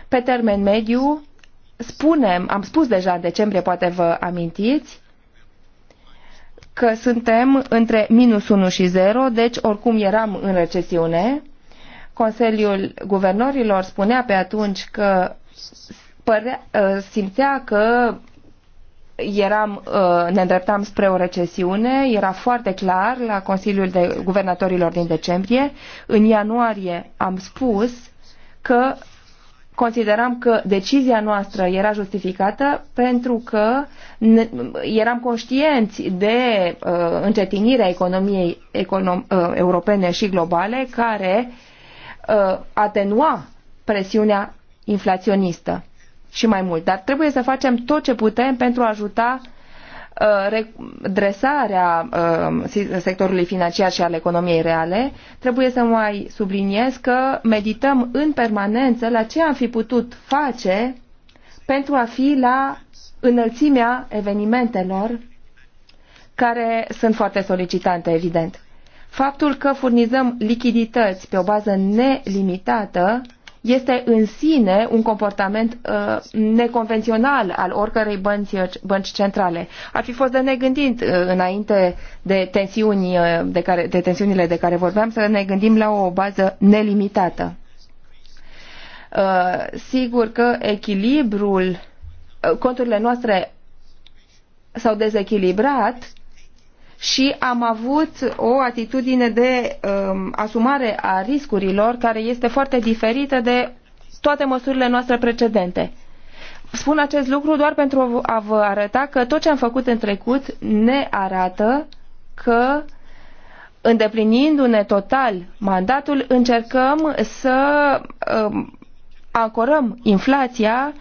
Pe termen mediu, spunem, am spus deja în decembrie, poate vă amintiți, că suntem între minus 1 și 0, deci oricum eram în recesiune, Consiliul Guvernorilor spunea pe atunci că părea, ă, simțea că eram, ă, ne îndreptam spre o recesiune, era foarte clar la Consiliul de Guvernatorilor din decembrie. În ianuarie am spus că consideram că decizia noastră era justificată pentru că ne, eram conștienți de uh, încetinirea economiei econom, uh, europene și globale care uh, uh, atenua presiunea inflaționistă și mai mult. Dar trebuie să facem tot ce putem pentru a ajuta uh, redresarea uh, sectorului financiar și al economiei reale, trebuie să mai subliniez că medităm în permanență la ce am fi putut face pentru a fi la înălțimea evenimentelor care sunt foarte solicitante, evident. Faptul că furnizăm lichidități pe o bază nelimitată este în sine un comportament uh, neconvențional al oricărei bănci, bănci centrale. Ar fi fost de negândit uh, înainte de, tensiuni, uh, de, care, de tensiunile de care vorbeam să ne gândim la o bază nelimitată. Uh, sigur că echilibrul, uh, conturile noastre s-au dezechilibrat și am avut o atitudine de um, asumare a riscurilor care este foarte diferită de toate măsurile noastre precedente. Spun acest lucru doar pentru a vă arăta că tot ce am făcut în trecut ne arată că îndeplinindu-ne total mandatul, încercăm să um, ancorăm inflația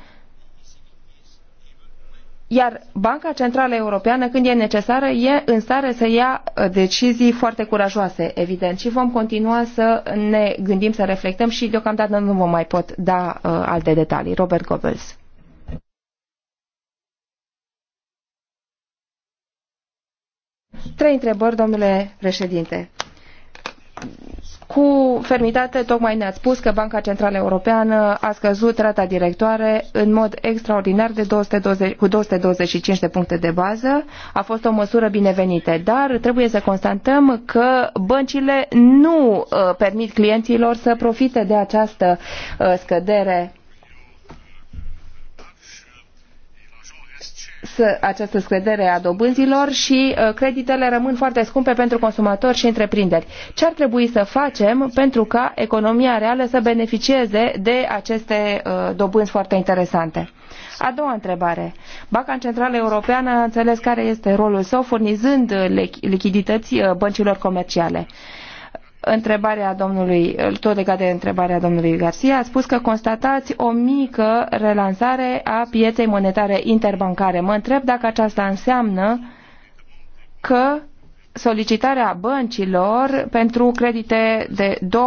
iar Banca Centrală Europeană, când e necesară, e în stare să ia uh, decizii foarte curajoase, evident. Și vom continua să ne gândim, să reflectăm și deocamdată nu vă mai pot da uh, alte detalii. Robert Goebbels. Trei întrebări, domnule președinte cu fermitate, tocmai ne-ați spus că Banca Centrală Europeană a scăzut rata directoare în mod extraordinar de 220, cu 225 de puncte de bază. A fost o măsură binevenită, dar trebuie să constatăm că băncile nu uh, permit clienților să profite de această uh, scădere această scădere a dobânzilor și uh, creditele rămân foarte scumpe pentru consumatori și întreprinderi. Ce ar trebui să facem pentru ca economia reală să beneficieze de aceste uh, dobânzi foarte interesante? A doua întrebare. Banca Centrală Europeană a înțeles care este rolul său furnizând uh, lichidități băncilor comerciale întrebarea domnului, tot legat de întrebarea domnului Garcia, a spus că constatați o mică relansare a pieței monetare interbancare. Mă întreb dacă aceasta înseamnă că solicitarea băncilor pentru credite de 2,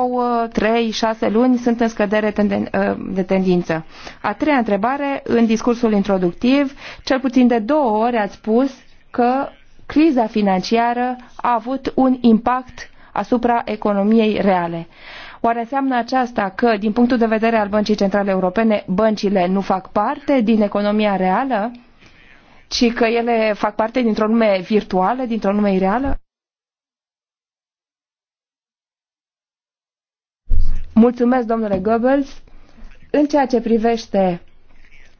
3, 6 luni sunt în scădere ă, de tendință. A treia întrebare, în discursul introductiv, cel puțin de două ori ați spus că criza financiară a avut un impact asupra economiei reale. Oare înseamnă aceasta că, din punctul de vedere al Băncii Centrale Europene, băncile nu fac parte din economia reală, ci că ele fac parte dintr-o lume virtuală, dintr-o lume reală? Mulțumesc, domnule Goebbels. În ceea ce privește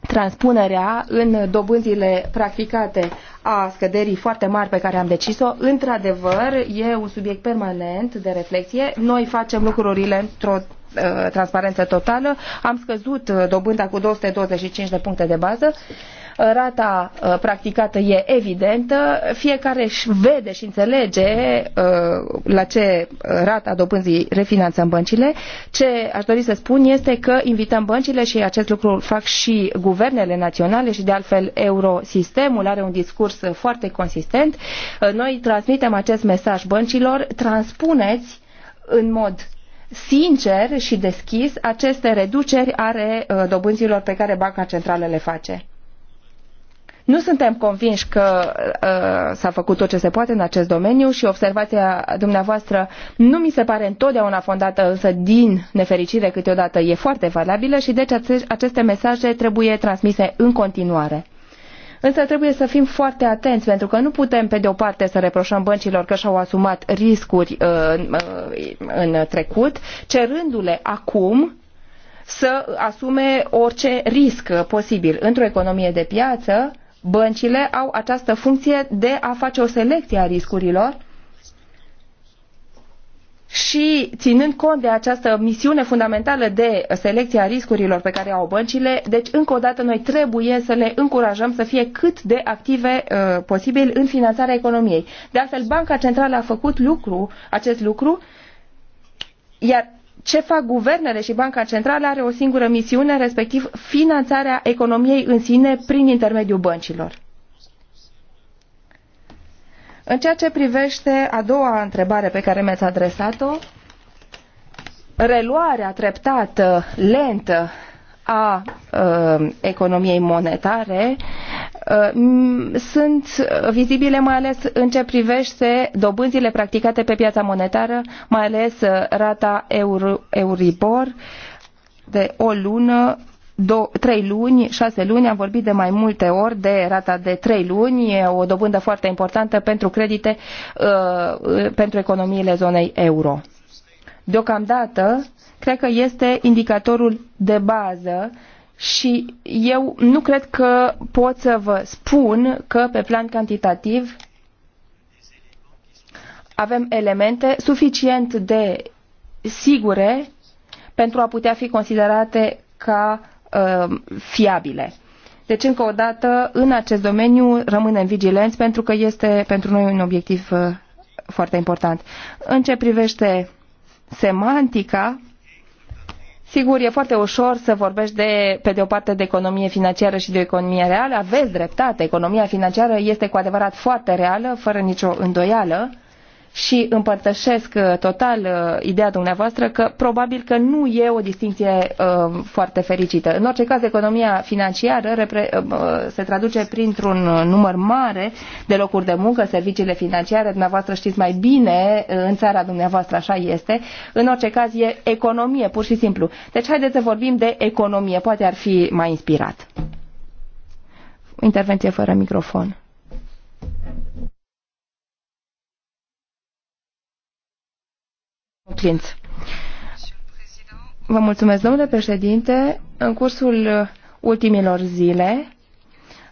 transpunerea în dobânzile practicate a scăderii foarte mari pe care am decis-o, într-adevăr, e un subiect permanent de reflexie. Noi facem lucrurile într-o uh, transparență totală. Am scăzut uh, dobânda cu 225 de puncte de bază. Uh, Uh, rata uh, practicată e evidentă, fiecare își vede și înțelege uh, la ce rata dobânzii refinanțăm băncile. Ce aș dori să spun este că invităm băncile și acest lucru fac și guvernele naționale și de altfel eurosistemul are un discurs foarte consistent. Noi transmitem acest mesaj băncilor, transpuneți în mod sincer și deschis aceste reduceri are dobânzilor pe care Banca Centrală le face. Nu suntem convinși că uh, s-a făcut tot ce se poate în acest domeniu și observația dumneavoastră nu mi se pare întotdeauna fondată, însă din nefericire câteodată e foarte valabilă și deci aceste mesaje trebuie transmise în continuare. Însă trebuie să fim foarte atenți, pentru că nu putem, pe de o parte, să reproșăm băncilor că și-au asumat riscuri în, uh, uh, în trecut, cerându-le acum să asume orice risc posibil. Într-o economie de piață, Băncile au această funcție de a face o selecție a riscurilor și ținând cont de această misiune fundamentală de selecție a riscurilor pe care au băncile, deci încă o dată noi trebuie să le încurajăm să fie cât de active uh, posibil în finanțarea economiei. De altfel, Banca Centrală a făcut lucru, acest lucru, iar ce fac guvernele și Banca Centrală are o singură misiune, respectiv finanțarea economiei în sine prin intermediul băncilor. În ceea ce privește a doua întrebare pe care mi-ați adresat-o, reluarea treptată, lentă a uh, economiei monetare sunt vizibile mai ales în ce privește dobânzile practicate pe piața monetară, mai ales rata Euribor de o lună, do, trei luni, șase luni, am vorbit de mai multe ori de rata de trei luni, e o dobândă foarte importantă pentru credite uh, pentru economiile zonei euro. Deocamdată, cred că este indicatorul de bază și eu nu cred că pot să vă spun că pe plan cantitativ avem elemente suficient de sigure pentru a putea fi considerate ca uh, fiabile. Deci, încă o dată, în acest domeniu rămânem vigilenți pentru că este pentru noi un obiectiv uh, foarte important. În ce privește semantica, Sigur, e foarte ușor să vorbești de, pe de o parte de economie financiară și de economie reală. Aveți dreptate, economia financiară este cu adevărat foarte reală, fără nicio îndoială și împărtășesc uh, total uh, ideea dumneavoastră că probabil că nu e o distinție uh, foarte fericită. În orice caz, economia financiară se traduce printr-un număr mare de locuri de muncă, serviciile financiare, dumneavoastră știți mai bine, în țara dumneavoastră așa este. În orice caz, e economie, pur și simplu. Deci, haideți să vorbim de economie, poate ar fi mai inspirat. Intervenție fără microfon. Vă mulțumesc, domnule președinte. În cursul ultimilor zile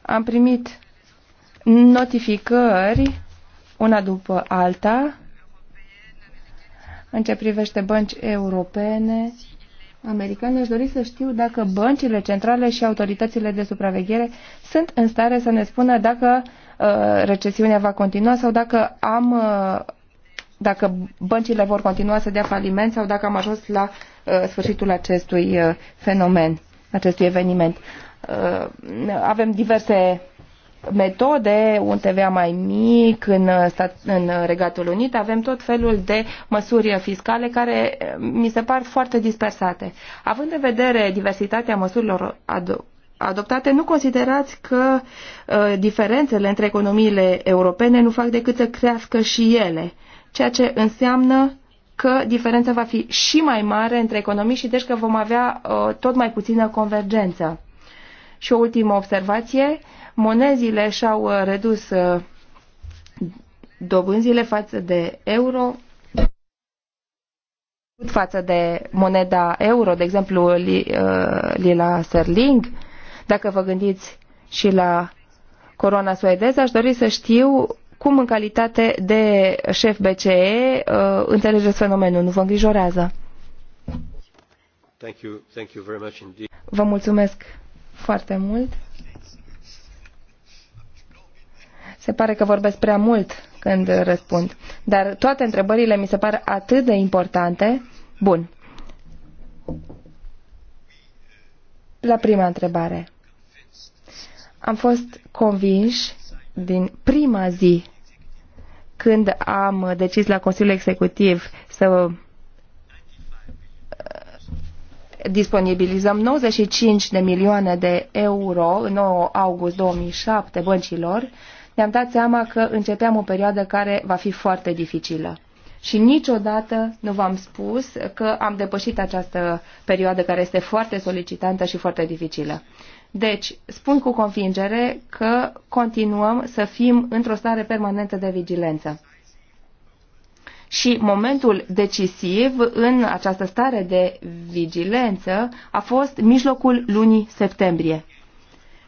am primit notificări, una după alta, în ce privește bănci europene, americane, aș dori să știu dacă băncile centrale și autoritățile de supraveghere sunt în stare să ne spună dacă uh, recesiunea va continua sau dacă am uh, dacă băncile vor continua să dea faliment sau dacă am ajuns la uh, sfârșitul acestui uh, fenomen, acestui eveniment. Uh, avem diverse metode, un TVA mai mic în, uh, stat, în uh, Regatul Unit, avem tot felul de măsuri fiscale care uh, mi se par foarte dispersate. Având în vedere diversitatea măsurilor ado- adoptate, nu considerați că uh, diferențele între economiile europene nu fac decât să crească și ele. Uh, ceea ce înseamnă că diferența va fi și mai mare între economii și deci că vom avea uh, tot mai puțină convergență. Și o ultimă observație, monezile și-au uh, redus uh, dobânzile față de euro, față de moneda euro, de exemplu li, uh, lila sterling. Dacă vă gândiți și la coroana suedeză, aș dori să știu cum, în calitate de șef BCE, uh, înțelegeți fenomenul? Nu vă îngrijorează? Thank you, thank you very much Vă mulțumesc foarte mult. Se pare că vorbesc prea mult când răspund. Dar toate întrebările mi se par atât de importante. Bun. La prima întrebare. Am fost convinși din prima zi când am decis la Consiliul Executiv să uh, disponibilizăm 95 de milioane de euro în 9 august 2007 băncilor, ne-am dat seama că începeam o perioadă care va fi foarte dificilă. Și niciodată nu v-am spus că am depășit această perioadă care este foarte solicitantă și foarte dificilă. Deci, spun cu convingere că continuăm să fim într-o stare permanentă de vigilență. Și momentul decisiv în această stare de vigilență a fost mijlocul lunii septembrie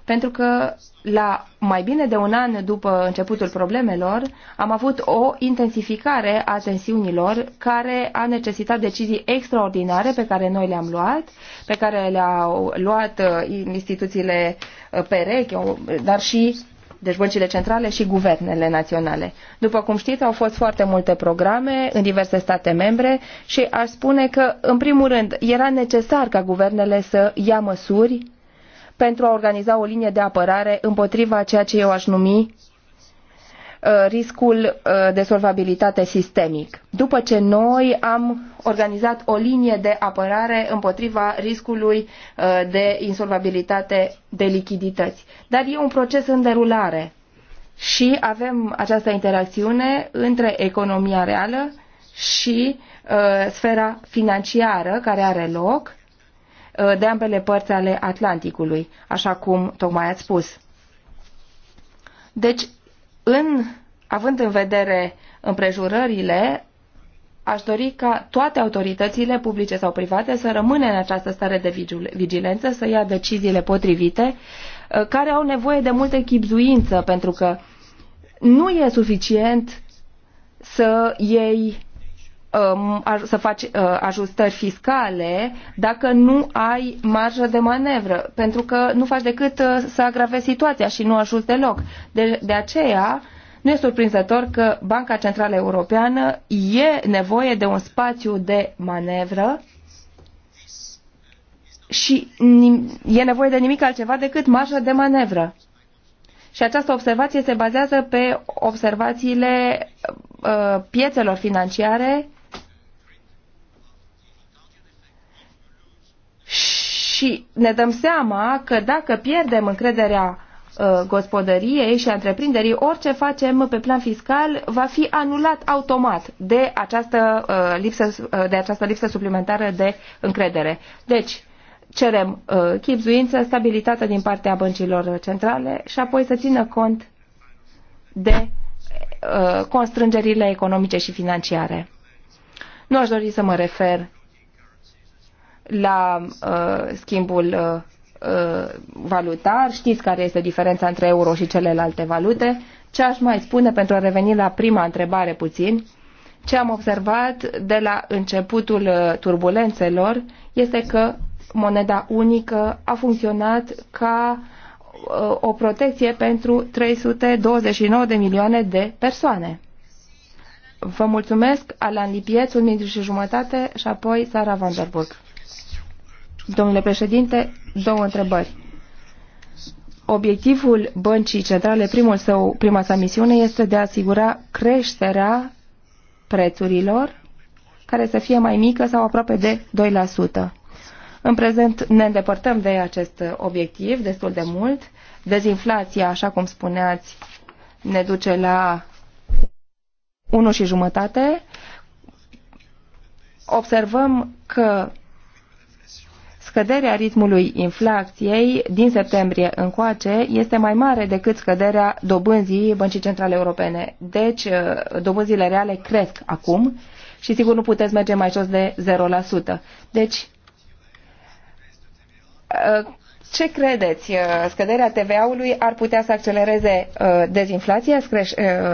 pentru că la mai bine de un an după începutul problemelor am avut o intensificare a tensiunilor care a necesitat decizii extraordinare pe care noi le-am luat, pe care le-au luat uh, instituțiile uh, perechi, uh, dar și deci băncile centrale și guvernele naționale. După cum știți, au fost foarte multe programe în diverse state membre și aș spune că, în primul rând, era necesar ca guvernele să ia măsuri pentru a organiza o linie de apărare împotriva ceea ce eu aș numi uh, riscul uh, de solvabilitate sistemic. După ce noi am organizat o linie de apărare împotriva riscului uh, de insolvabilitate de lichidități. Dar e un proces în derulare și avem această interacțiune între economia reală și sfera financiară care are loc Uh, de ambele părți ale Atlanticului, așa cum tocmai ați spus. Deci, în, având în vedere împrejurările, aș dori ca toate autoritățile, publice sau private, să rămână în această stare de vigilență, să ia deciziile potrivite, uh, care au nevoie de multă chipzuință, pentru că nu e suficient să iei Um, să faci uh, ajustări fiscale dacă nu ai marjă de manevră, pentru că nu faci decât uh, să agravezi situația și nu ajuți deloc. De, de aceea, nu e surprinzător că Banca Centrală Europeană e nevoie de un spațiu de manevră și e nevoie de nimic altceva decât marjă de manevră. Și această observație se bazează pe observațiile uh, piețelor financiare Și ne dăm seama că dacă pierdem încrederea uh, gospodăriei și a întreprinderii, orice facem pe plan fiscal va fi anulat automat de această, uh, lipsă, uh, de această lipsă suplimentară de încredere. Deci, cerem chipzuință, stabilitate din partea băncilor centrale și apoi să țină cont de constrângerile economice și financiare. Nu aș dori să mă refer la uh, schimbul uh, uh, valutar, știți care este diferența între euro și celelalte valute. Ce aș mai spune pentru a reveni la prima întrebare puțin, ce am observat de la începutul uh, turbulențelor este că moneda unică a funcționat ca uh, o protecție pentru 329 de milioane de persoane. Vă mulțumesc, Alan Lipieț, un minut și jumătate, și apoi Sara Vanderburg. Domnule președinte, două întrebări. Obiectivul băncii centrale, primul său, prima sa misiune, este de a asigura creșterea prețurilor care să fie mai mică sau aproape de 2%. În prezent ne îndepărtăm de acest obiectiv destul de mult. Dezinflația, așa cum spuneați, ne duce la 1 și jumătate. Observăm că Scăderea ritmului inflației din septembrie încoace este mai mare decât scăderea dobânzii Băncii Centrale Europene. Deci, uh, dobânzile reale cresc acum și sigur nu puteți merge mai jos de 0%. Deci, uh, ce credeți? Uh, scăderea TVA-ului ar putea să accelereze dezinflația,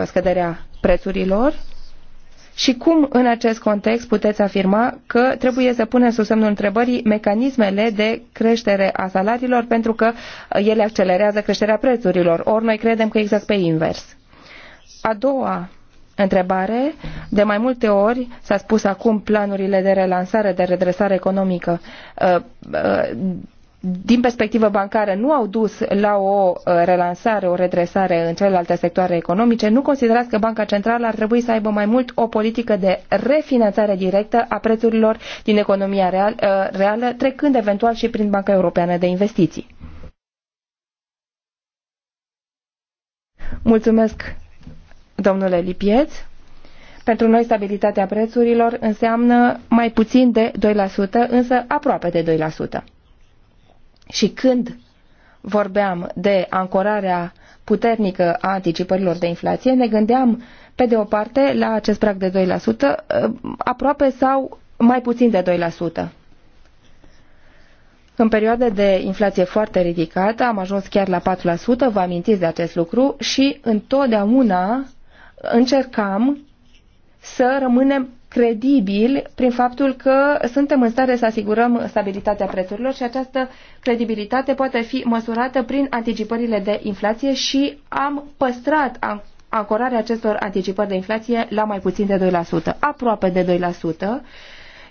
scăderea prețurilor? Și cum în acest context puteți afirma că trebuie să punem sub semnul întrebării mecanismele de creștere a salariilor pentru că uh, ele accelerează creșterea prețurilor? Ori noi credem că exact pe invers. A doua întrebare, de mai multe ori s-a spus acum planurile de relansare, de redresare economică. Uh, uh, din perspectivă bancară nu au dus la o uh, relansare, o redresare în celelalte sectoare economice, nu considerați că Banca Centrală ar trebui să aibă mai mult o politică de refinanțare directă a prețurilor din economia real, uh, reală, trecând eventual și prin Banca Europeană de Investiții? Mulțumesc, domnule Lipieț. Pentru noi, stabilitatea prețurilor înseamnă mai puțin de 2%, însă aproape de 2%. Și când vorbeam de ancorarea puternică a anticipărilor de inflație, ne gândeam, pe de o parte, la acest prag de 2%, ă, aproape sau mai puțin de 2%. În perioade de inflație foarte ridicată, am ajuns chiar la 4%, vă amintiți de acest lucru, și întotdeauna încercam să rămânem credibili prin faptul că suntem în stare să asigurăm stabilitatea prețurilor și această credibilitate poate fi măsurată prin anticipările de inflație și am păstrat ancorarea acestor anticipări de inflație la mai puțin de 2%, aproape de 2%.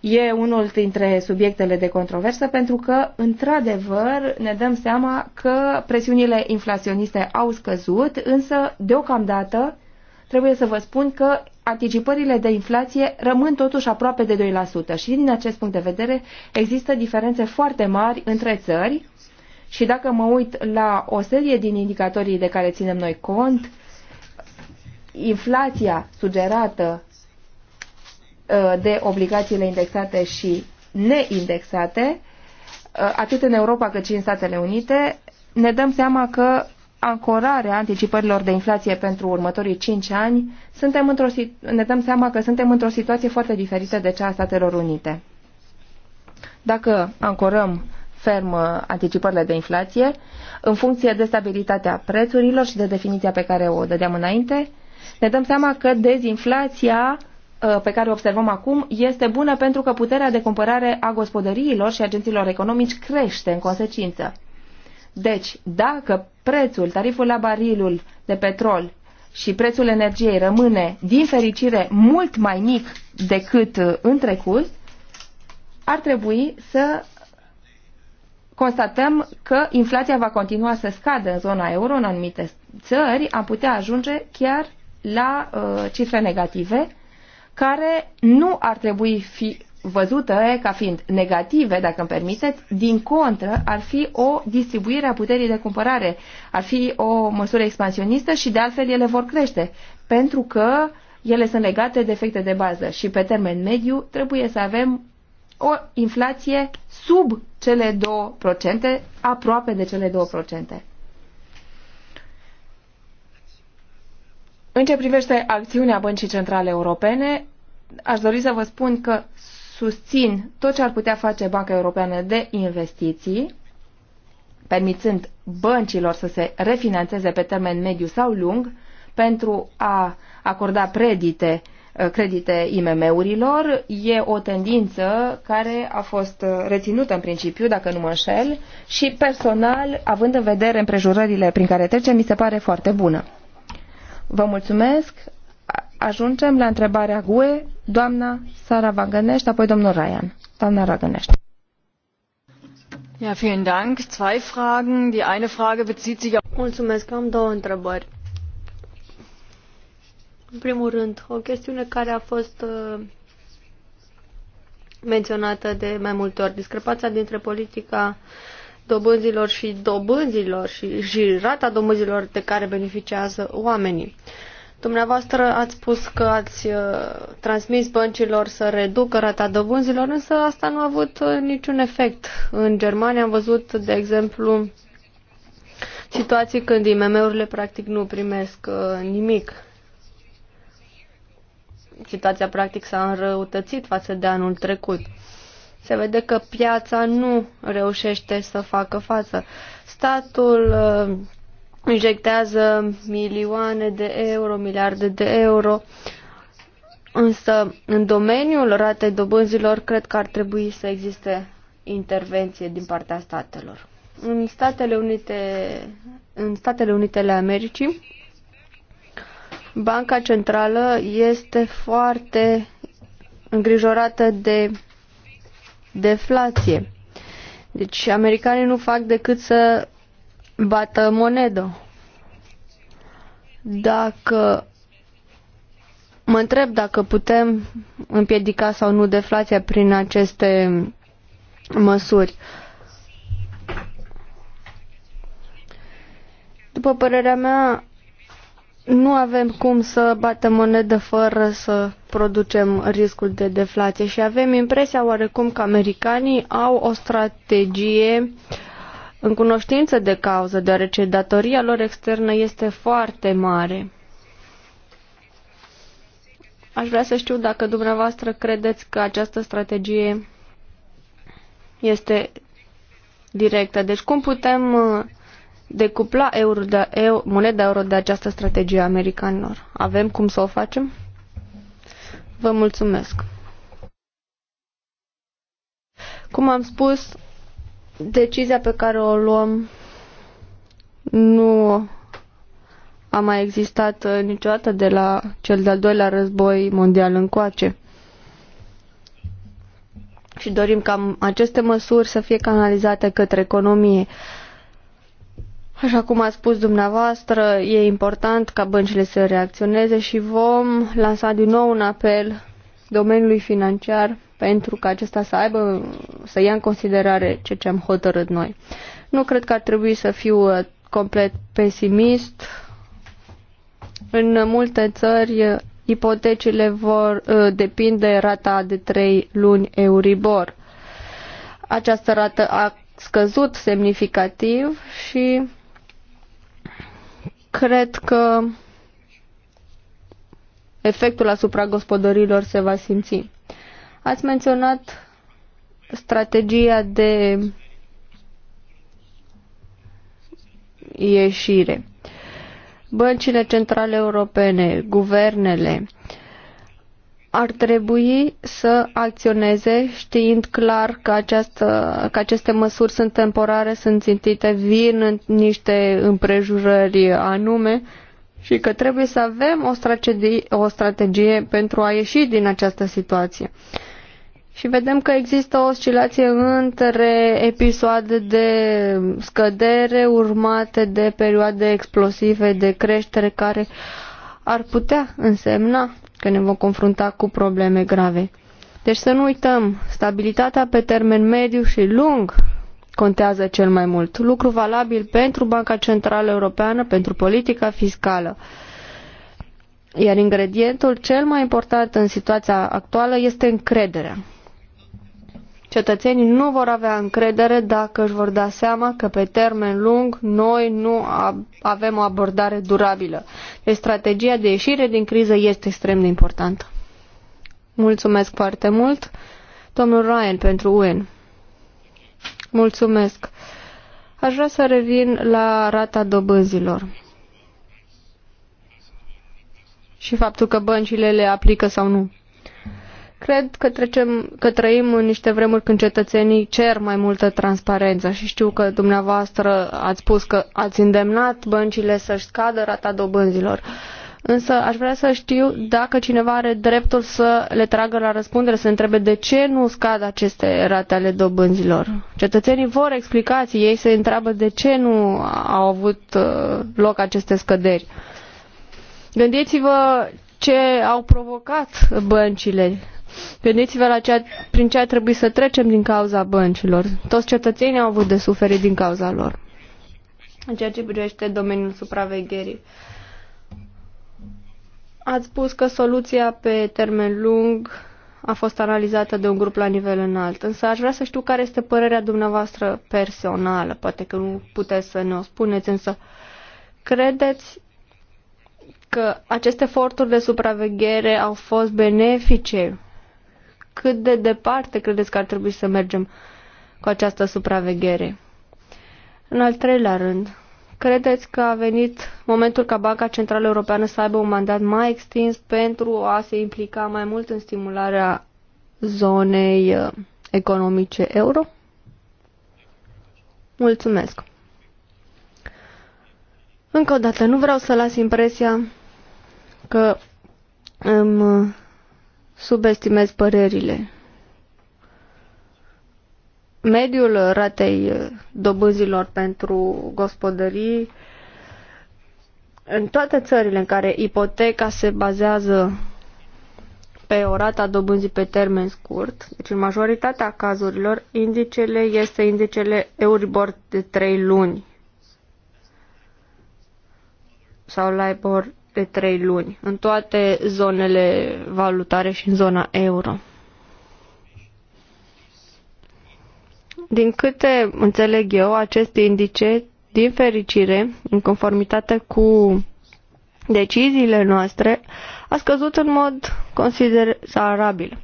E unul dintre subiectele de controversă pentru că, într-adevăr, ne dăm seama că presiunile inflaționiste au scăzut, însă, deocamdată, trebuie să vă spun că anticipările de inflație rămân totuși aproape de 2% și din acest punct de vedere există diferențe foarte mari între țări și dacă mă uit la o serie din indicatorii de care ținem noi cont, inflația sugerată uh, de obligațiile indexate și neindexate, uh, atât în Europa cât și în Statele Unite, ne dăm seama că ancorare a anticipărilor de inflație pentru următorii 5 ani, suntem într-o, ne dăm seama că suntem într-o situație foarte diferită de cea a Statelor Unite. Dacă ancorăm ferm uh, anticipările de inflație, în funcție de stabilitatea prețurilor și de definiția pe care o dădeam înainte, ne dăm seama că dezinflația uh, pe care o observăm acum este bună pentru că puterea de cumpărare a gospodăriilor și agenților economici crește în consecință. Deci, dacă prețul, tariful la barilul de petrol și prețul energiei rămâne, din fericire, mult mai mic decât uh, în trecut, ar trebui să constatăm că inflația va continua să scadă în zona euro, în anumite țări, am putea ajunge chiar la uh, cifre negative, care nu ar trebui fi văzută ca fiind negative, dacă îmi permiteți, din contră ar fi o distribuire a puterii de cumpărare, ar fi o măsură expansionistă și de altfel ele vor crește, pentru că ele sunt legate de efecte de bază și pe termen mediu trebuie să avem o inflație sub cele 2%, aproape de cele 2%. În ce privește acțiunea Băncii Centrale Europene, aș dori să vă spun că susțin tot ce ar putea face Banca Europeană de Investiții, permițând băncilor să se refinanțeze pe termen mediu sau lung pentru a acorda predite, uh, credite IMM-urilor. E o tendință care a fost uh, reținută în principiu, dacă nu mă înșel, și personal, având în vedere împrejurările prin care trecem, mi se pare foarte bună. Vă mulțumesc ajungem la întrebarea GUE, doamna Sara Vagănești, apoi domnul Ryan. Doamna Vagănești. Ja, vielen Dank. Zwei Fragen. Die eine Frage bezieht sich auf... Mulțumesc, am două întrebări. În primul rând, o chestiune care a fost uh, menționată de mai multe ori, Discrepația dintre politica dobânzilor și dobânzilor și, și rata dobânzilor de care beneficiază oamenii. Uh, Dumneavoastră ați spus că ați uh, transmis băncilor să reducă rata dobânzilor, însă asta nu a avut uh, niciun efect. În Germania am văzut, de exemplu, situații când IMM-urile practic nu primesc uh, nimic. Situația practic s-a înrăutățit față de anul trecut. Se vede că piața nu reușește să facă față. Statul injectează milioane de euro, miliarde de euro, însă în domeniul ratei dobânzilor cred că ar trebui să existe intervenție din partea statelor. În Statele Unite, în Statele Unite ale Americii, Banca Centrală este foarte îngrijorată de deflație. Deci americanii nu fac decât să bată monedă. Dacă mă întreb dacă putem împiedica sau nu deflația prin aceste măsuri. După părerea mea, nu avem cum să batem monedă fără să producem riscul de deflație și avem impresia oarecum că americanii au o strategie uh, în cunoștință de cauză, deoarece datoria lor externă este foarte mare. Aș vrea să știu dacă dumneavoastră credeți că această strategie este directă. Deci cum putem uh, decupla euro de, eu, moneda euro de această strategie a americanilor? Avem cum să o facem? Vă mulțumesc. Cum am spus, Decizia pe care o luăm nu a mai existat uh, niciodată de la cel de-al doilea război mondial încoace. Și dorim ca aceste măsuri să fie canalizate către economie. Așa cum a spus dumneavoastră, e important ca băncile să reacționeze și vom lansa din nou un apel domeniului financiar pentru ca acesta să aibă, să ia în considerare ceea ce am hotărât noi. Nu cred că ar trebui să fiu uh, complet pesimist. În multe țări, uh, ipotecile vor uh, depinde rata de 3 luni Euribor. Această rată a scăzut semnificativ și cred că efectul asupra gospodărilor se va simți. Ați menționat strategia de ieșire. Băncile centrale europene, guvernele, ar trebui să acționeze știind clar că, această, că aceste măsuri sunt temporare, sunt țintite, vin în niște împrejurări anume și că trebuie să avem o strategie, o strategie pentru a ieși din această situație. Uh, și vedem că există o oscilație între episoade de scădere urmate de perioade explosive de creștere care ar putea însemna că ne vom confrunta cu probleme grave. Deci să nu uităm, stabilitatea pe termen mediu și lung contează cel mai mult. Lucru valabil pentru Banca Centrală Europeană, pentru politica fiscală. Iar ingredientul cel mai important în situația actuală este încrederea. Cetățenii nu vor avea încredere dacă își vor da seama că pe termen lung noi nu avem o abordare durabilă. Deci strategia de ieșire din criză este extrem de importantă. Mulțumesc foarte mult, domnul Ryan, pentru UN. Mulțumesc. Aș vrea să revin la rata dobânzilor și faptul că băncile le aplică sau nu. Cred că, trecem, că trăim în niște vremuri când cetățenii cer mai multă transparență și știu că dumneavoastră ați spus că ați îndemnat băncile să-și scadă rata dobânzilor. Însă aș vrea să știu dacă cineva are dreptul să le tragă la răspundere, să întrebe de ce nu scad aceste rate ale dobânzilor. Cetățenii vor explicații, ei se întreabă de ce nu au avut uh, loc aceste scăderi. Gândiți-vă ce au provocat băncile Gândiți-vă la ce, prin ce a trebuit să trecem din cauza băncilor. Toți cetățenii au avut de suferit din cauza lor. În ceea ce privește domeniul supravegherii. Ați spus că soluția pe termen lung a fost analizată de un grup la nivel înalt, însă aș vrea să știu care este părerea dumneavoastră personală. Poate că nu puteți să ne o spuneți, însă credeți că aceste eforturi de supraveghere au fost benefice cât de departe credeți că ar trebui să mergem cu această supraveghere? În al treilea rând, credeți că a venit momentul ca Banca Centrală Europeană să aibă un mandat mai extins pentru a se implica mai mult în stimularea zonei uh, economice euro? Mulțumesc! Încă o dată, nu vreau să las impresia că îmi subestimez părerile. Mediul ratei uh, dobânzilor pentru gospodării în toate țările în care ipoteca se bazează pe o rată a dobânzii pe termen scurt, deci în majoritatea cazurilor, indicele este indicele Euribor de 3 luni sau LIBOR pe trei luni în toate zonele valutare și în zona euro. Din câte înțeleg eu, acest indice, din fericire, în conformitate cu deciziile noastre, a scăzut în mod considerabil.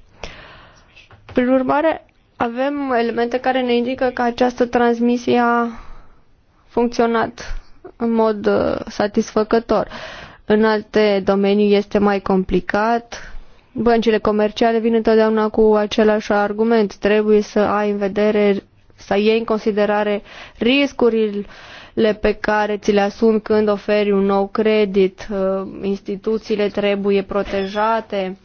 Prin urmare, avem elemente care ne indică că această transmisie a funcționat în mod uh, satisfăcător. În alte domenii este mai complicat. Băncile comerciale vin întotdeauna cu același argument. Trebuie să ai în vedere, să iei în considerare riscurile pe care ți le asumi când oferi un nou credit. Uh, instituțiile trebuie protejate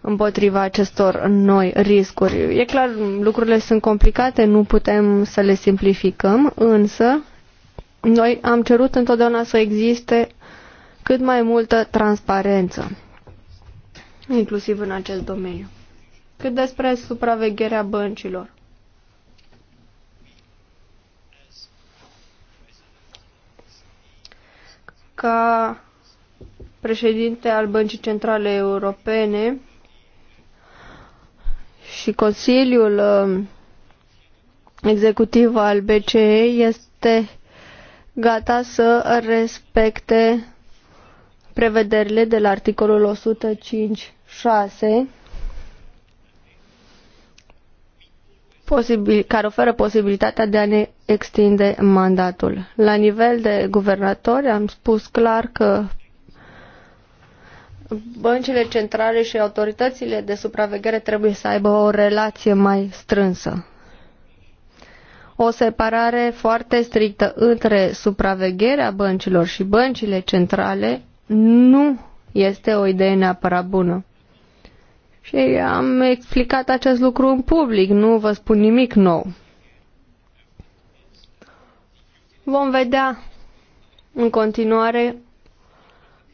împotriva acestor noi riscuri. E clar, lucrurile sunt complicate, nu putem să le simplificăm, însă noi am cerut întotdeauna să existe cât mai multă transparență, inclusiv în acest domeniu. Cât despre supravegherea băncilor. Ca președinte al Băncii Centrale Europene și Consiliul um, Executiv al BCE este gata să respecte prevederile de la articolul 105.6 posibil, care oferă posibilitatea de a ne extinde mandatul. La nivel de guvernatori am spus clar că băncile centrale și autoritățile de supraveghere trebuie să aibă o relație mai strânsă. O separare foarte strictă între supravegherea băncilor și băncile centrale nu este o idee neapărat bună. Și am explicat acest lucru în public, nu vă spun nimic nou. Vom vedea în continuare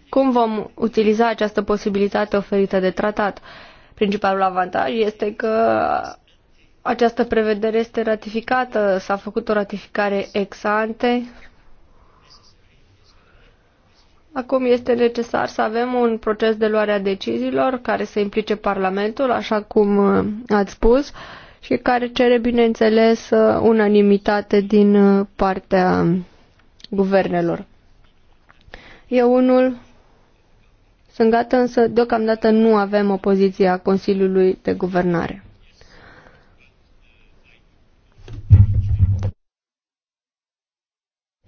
cum vom utiliza această posibilitate oferită de tratat. Principalul avantaj este că această prevedere este ratificată, s-a făcut o ratificare ex ante Acum este necesar să avem un proces de luare a deciziilor care să implice Parlamentul, așa cum uh, ați spus, și care cere, bineînțeles, uh, unanimitate din uh, partea guvernelor. Eu unul sunt gata, însă deocamdată nu avem o poziție a Consiliului de Guvernare.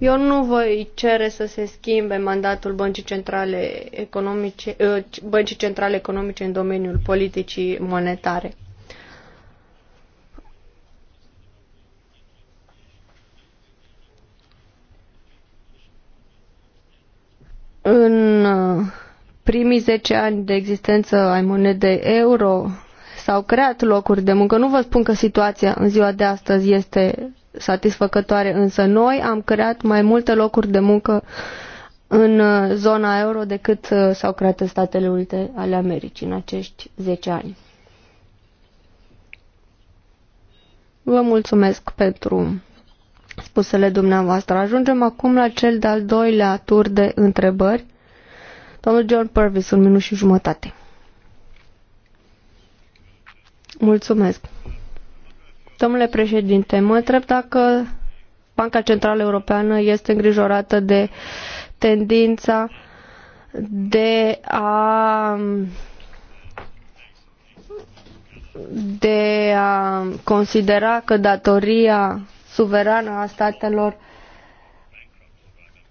Eu nu voi cere să se schimbe mandatul Băncii Centrale Economice, uh, Băncii Centrale Economice în domeniul politicii monetare. În uh, primii 10 ani de existență ai monedei euro s-au creat locuri de muncă. Nu vă spun că situația în ziua de astăzi este satisfăcătoare, însă noi am creat mai multe locuri de muncă în uh, zona euro decât uh, s-au creat în Statele Unite ale Americii în acești 10 ani. Vă mulțumesc pentru spusele dumneavoastră. Ajungem acum la cel de-al doilea tur de întrebări. Domnul John Purvis, un minut și jumătate. Mulțumesc. Domnule președinte, mă întreb dacă Banca Centrală Europeană este îngrijorată de tendința de a de a considera că datoria suverană a statelor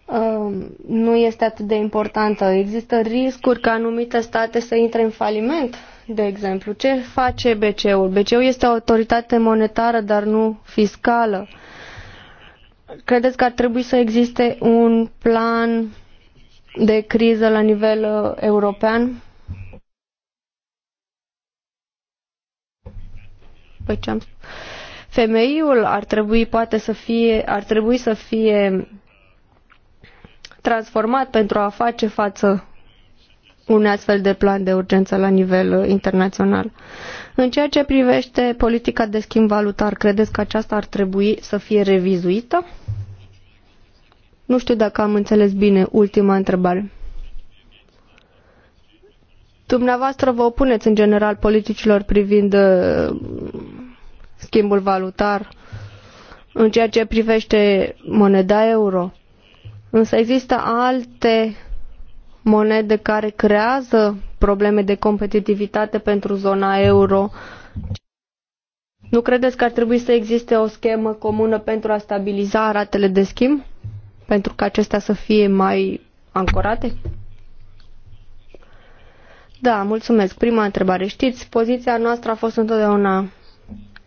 um, nu este atât de importantă. Există riscuri ca anumite state să intre în faliment de exemplu, ce face BCE-ul? BCE-ul este o autoritate monetară, dar nu fiscală. Credeți că ar trebui să existe un plan de criză la nivel uh, european? Păi ce am Femeiul ar trebui poate să fie, ar trebui să fie transformat pentru a face față un astfel de plan de urgență la nivel uh, internațional. În ceea ce privește politica de schimb valutar, credeți că aceasta ar trebui să fie revizuită? Nu știu dacă am înțeles bine ultima întrebare. Dumneavoastră vă opuneți în general politicilor privind uh, schimbul valutar în ceea ce privește moneda euro. Însă există alte monede care creează probleme de competitivitate pentru zona euro. Nu credeți că ar trebui să existe o schemă comună pentru a stabiliza ratele de schimb? Pentru ca acestea să fie mai ancorate? Da, mulțumesc. Prima întrebare. Știți, poziția noastră a fost întotdeauna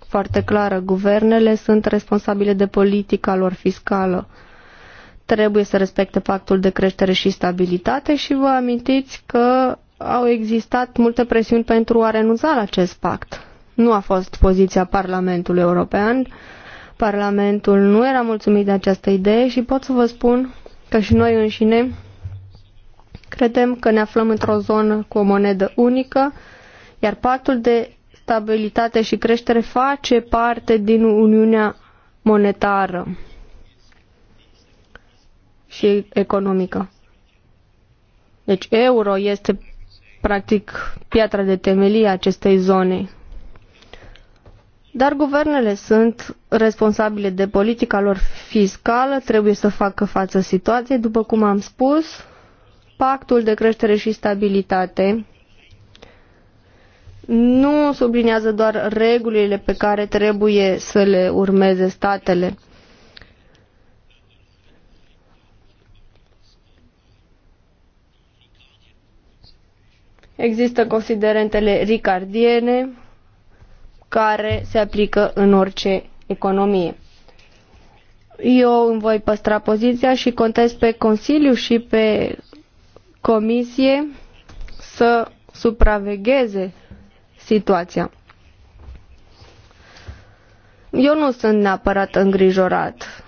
foarte clară. Guvernele sunt responsabile de politica lor fiscală trebuie să respecte pactul de creștere și stabilitate și vă amintiți că au existat multe presiuni pentru a renunța la acest pact. Nu a fost poziția Parlamentului European. Parlamentul nu era mulțumit de această idee și pot să vă spun că și noi înșine credem că ne aflăm într-o zonă cu o monedă unică, iar pactul de stabilitate și creștere face parte din Uniunea Monetară și economică. Deci euro este practic piatra de temelie a acestei zone. Dar guvernele sunt responsabile de politica lor fiscală, trebuie să facă față situației, după cum am spus, pactul de creștere și stabilitate nu sublinează doar regulile pe care trebuie să le urmeze statele. Există considerentele ricardiene care se aplică în orice economie. Eu îmi voi păstra poziția și contez pe Consiliu și pe Comisie să supravegheze situația. Eu nu sunt neapărat îngrijorat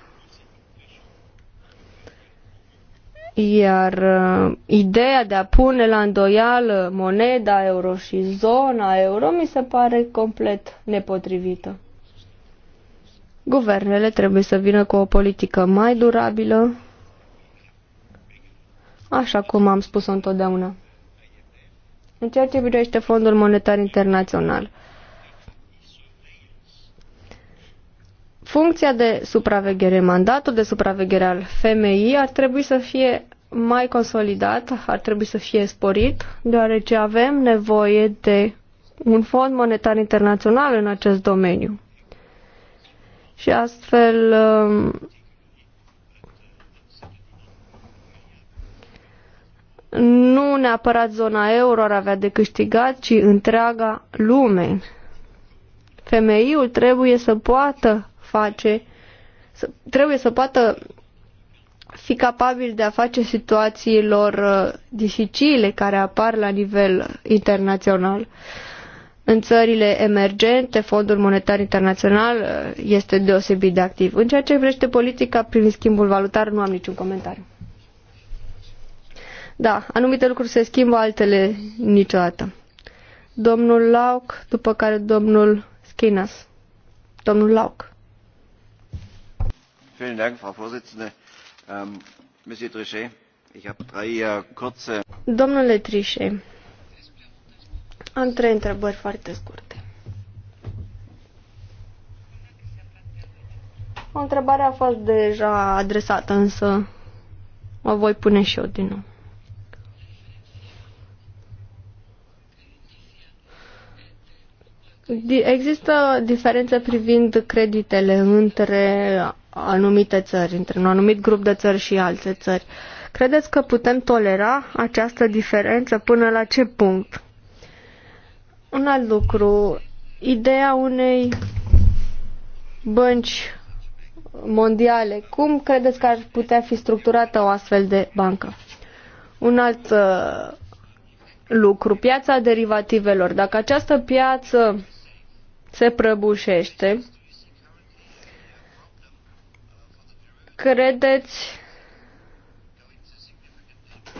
Iar uh, ideea de a pune la îndoială moneda euro și zona euro mi se pare complet nepotrivită. Guvernele trebuie să vină cu o politică mai durabilă, așa cum am spus-o întotdeauna. În ceea ce privește Fondul Monetar Internațional, uh, Funcția de supraveghere, mandatul de supraveghere al FMI ar trebui să fie mai consolidat, ar trebui să fie sporit, deoarece avem nevoie de un fond monetar internațional în acest domeniu. Și astfel um, nu neapărat zona euro ar avea de câștigat, ci întreaga lume. Femeiul trebuie să poată face, să, trebuie să poată fi capabil de a face situațiilor uh, dificile care apar la nivel internațional. În țările emergente, Fondul Monetar Internațional uh, este deosebit de activ. În ceea ce vrește politica prin schimbul valutar, nu am niciun comentariu. Da, anumite lucruri se schimbă, altele niciodată. Domnul Lauc, după care domnul Schinas. Domnul Lauc. Frau Vorsitzende. Ähm, Monsieur Trichet, ich habe drei äh, kurze... Domnule Trichet, am trei întrebări foarte scurte. O întrebare a fost deja adresată, însă o voi pune și eu din nou. Există diferență privind creditele între anumite țări, între un anumit grup de țări și alte țări. Credeți că putem tolera această diferență până la ce punct? Un alt lucru, ideea unei bănci mondiale. Cum credeți că ar putea fi structurată o astfel de bancă? Un alt uh, lucru, piața derivativelor. Dacă această piață se prăbușește. Credeți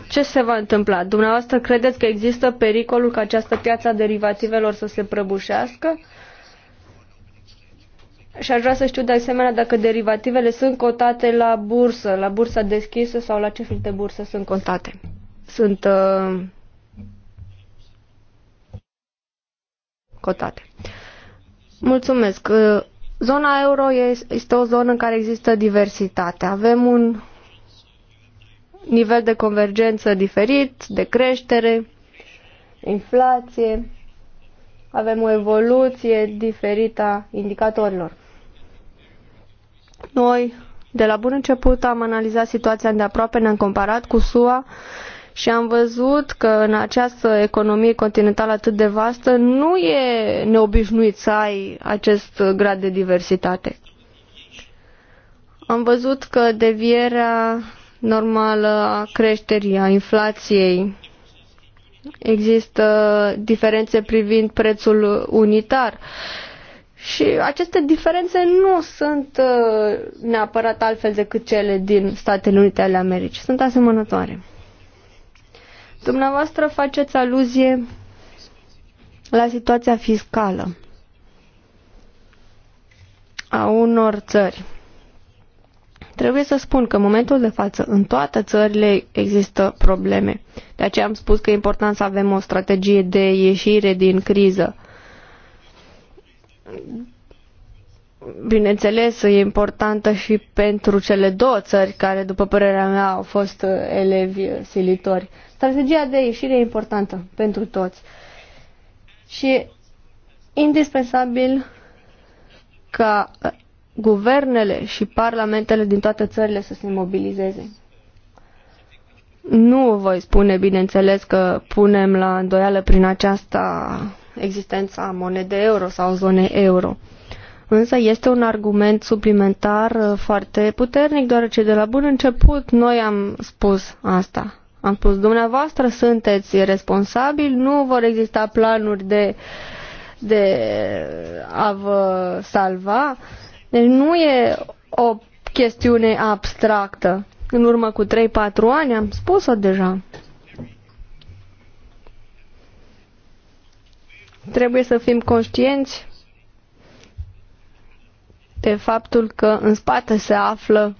ce se va întâmpla? Dumneavoastră credeți că există pericolul ca această piață a derivativelor să se prăbușească? Și aș vrea să știu de asemenea dacă derivativele sunt cotate la bursă, la bursa deschisă sau la ce fel de bursă sunt cotate. Sunt uh, cotate. Mulțumesc. Uh, zona euro este o zonă în care există diversitate. Avem un nivel de convergență diferit, de creștere, inflație, avem o evoluție diferită a indicatorilor. Noi, de la bun început, am analizat situația de aproape, ne-am comparat cu SUA și am văzut că în această economie continentală atât de vastă nu e neobișnuit să ai acest grad de diversitate. Am văzut că devierea normală a creșterii, a inflației, există diferențe privind prețul unitar. Și aceste diferențe nu sunt uh, neapărat altfel decât cele din Statele Unite ale Americii. Sunt asemănătoare. Dumneavoastră faceți aluzie la situația fiscală a unor țări. Trebuie să spun că în momentul de față în toate țările există probleme. De aceea am spus că e important să avem o strategie de ieșire din criză bineînțeles, e importantă și pentru cele două țări care, după părerea mea, au fost uh, elevi silitori. Strategia de ieșire e importantă pentru toți. Și e indispensabil ca guvernele și parlamentele din toate țările să se mobilizeze. Nu voi spune, bineînțeles, că punem la îndoială prin aceasta existența monedei euro sau zonei euro. Uh, Însă este un argument suplimentar uh, foarte puternic, deoarece de la bun început noi am spus asta. Am spus, dumneavoastră sunteți responsabili, nu vor exista planuri de, de a vă salva. Deci nu e o chestiune abstractă. În urmă cu 3-4 ani am spus-o deja. Trebuie să fim conștienți de faptul că în spate se află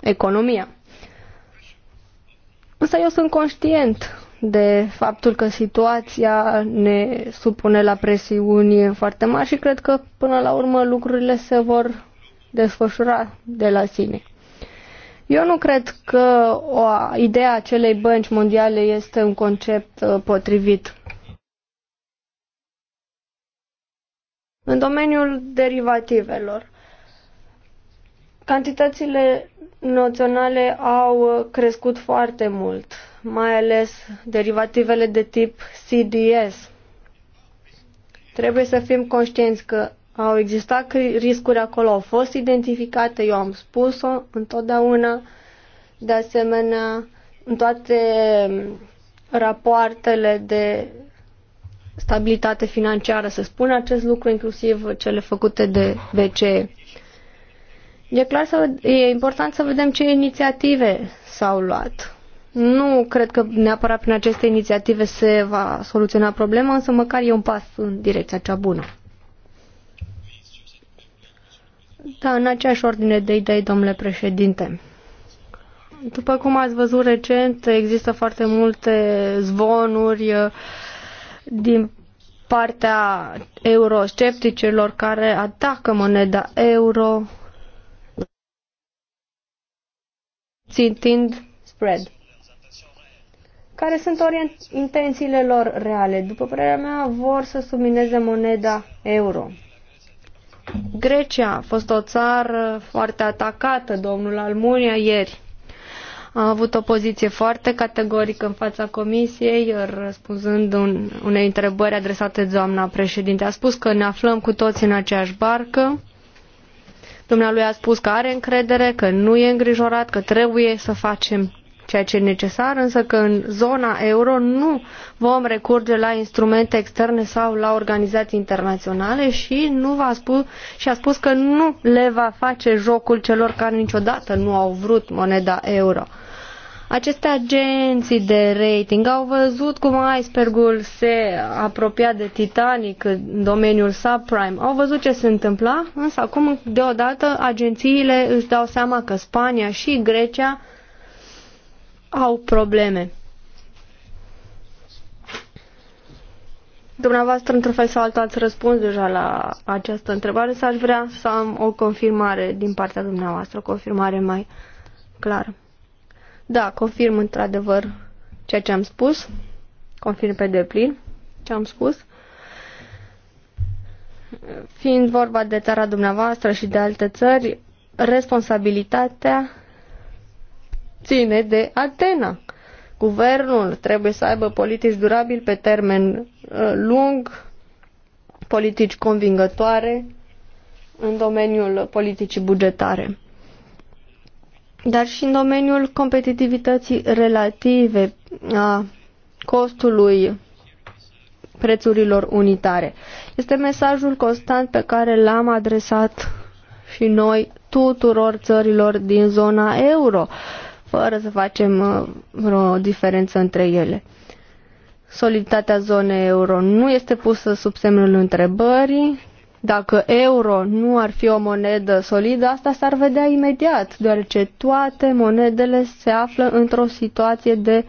economia. Însă eu sunt conștient de faptul că situația ne supune la presiuni foarte mari și cred că până la urmă lucrurile se vor desfășura de la sine. Eu nu cred că o ideea acelei bănci mondiale este un concept uh, potrivit. În domeniul derivativelor, Cantitățile noționale au crescut foarte mult, mai ales derivativele de tip CDS. Trebuie să fim conștienți că au existat riscuri acolo, au fost identificate, eu am spus-o întotdeauna, de asemenea, în toate rapoartele de stabilitate financiară, să spun acest lucru, inclusiv cele făcute de BCE. E clar să, e important să vedem ce inițiative s-au luat. Nu cred că neapărat prin aceste inițiative se va soluționa problema, însă măcar e un pas în direcția cea bună. Da, în aceeași ordine de idei, domnule președinte. După cum ați văzut recent, există foarte multe zvonuri uh, din partea euroscepticelor care atacă moneda euro, țintind spread. Care sunt ori intențiile lor reale? După părerea mea, vor să submineze moneda euro. Grecia a fost o țară foarte atacată, domnul Almunia, ieri. A avut o poziție foarte categorică în fața comisiei, răspunzând un, unei întrebări adresate doamna președinte. A spus că ne aflăm cu toți în aceeași barcă, Dumnealui a spus că are încredere, că nu e îngrijorat, că trebuie să facem ceea ce e necesar, însă că în zona euro nu vom recurge la instrumente externe sau la organizații internaționale și nu va spus și a spus că nu le va face jocul celor care niciodată nu au vrut moneda euro. Aceste agenții de rating au văzut cum icebergul se apropia de Titanic în domeniul subprime. Au văzut ce se întâmpla, însă acum deodată agențiile își dau seama că Spania și Grecia au probleme. Dumneavoastră, într-un fel sau altul, ați răspuns deja la această întrebare, să aș vrea să am o confirmare din partea dumneavoastră, o confirmare mai clară. Da, confirm într-adevăr ceea ce am spus. Confirm pe deplin ce am spus. Fiind vorba de țara dumneavoastră și de alte țări, responsabilitatea ține de Atena. Guvernul trebuie să aibă politici durabili pe termen uh, lung, politici convingătoare în domeniul politicii bugetare dar și în domeniul competitivității relative a costului prețurilor unitare. Este mesajul constant pe care l-am adresat și noi tuturor țărilor din zona euro, fără să facem uh, vreo diferență între ele. Soliditatea zonei euro nu este pusă sub semnul întrebării, dacă euro nu ar fi o monedă solidă, asta s-ar vedea imediat, deoarece toate monedele se află într-o situație de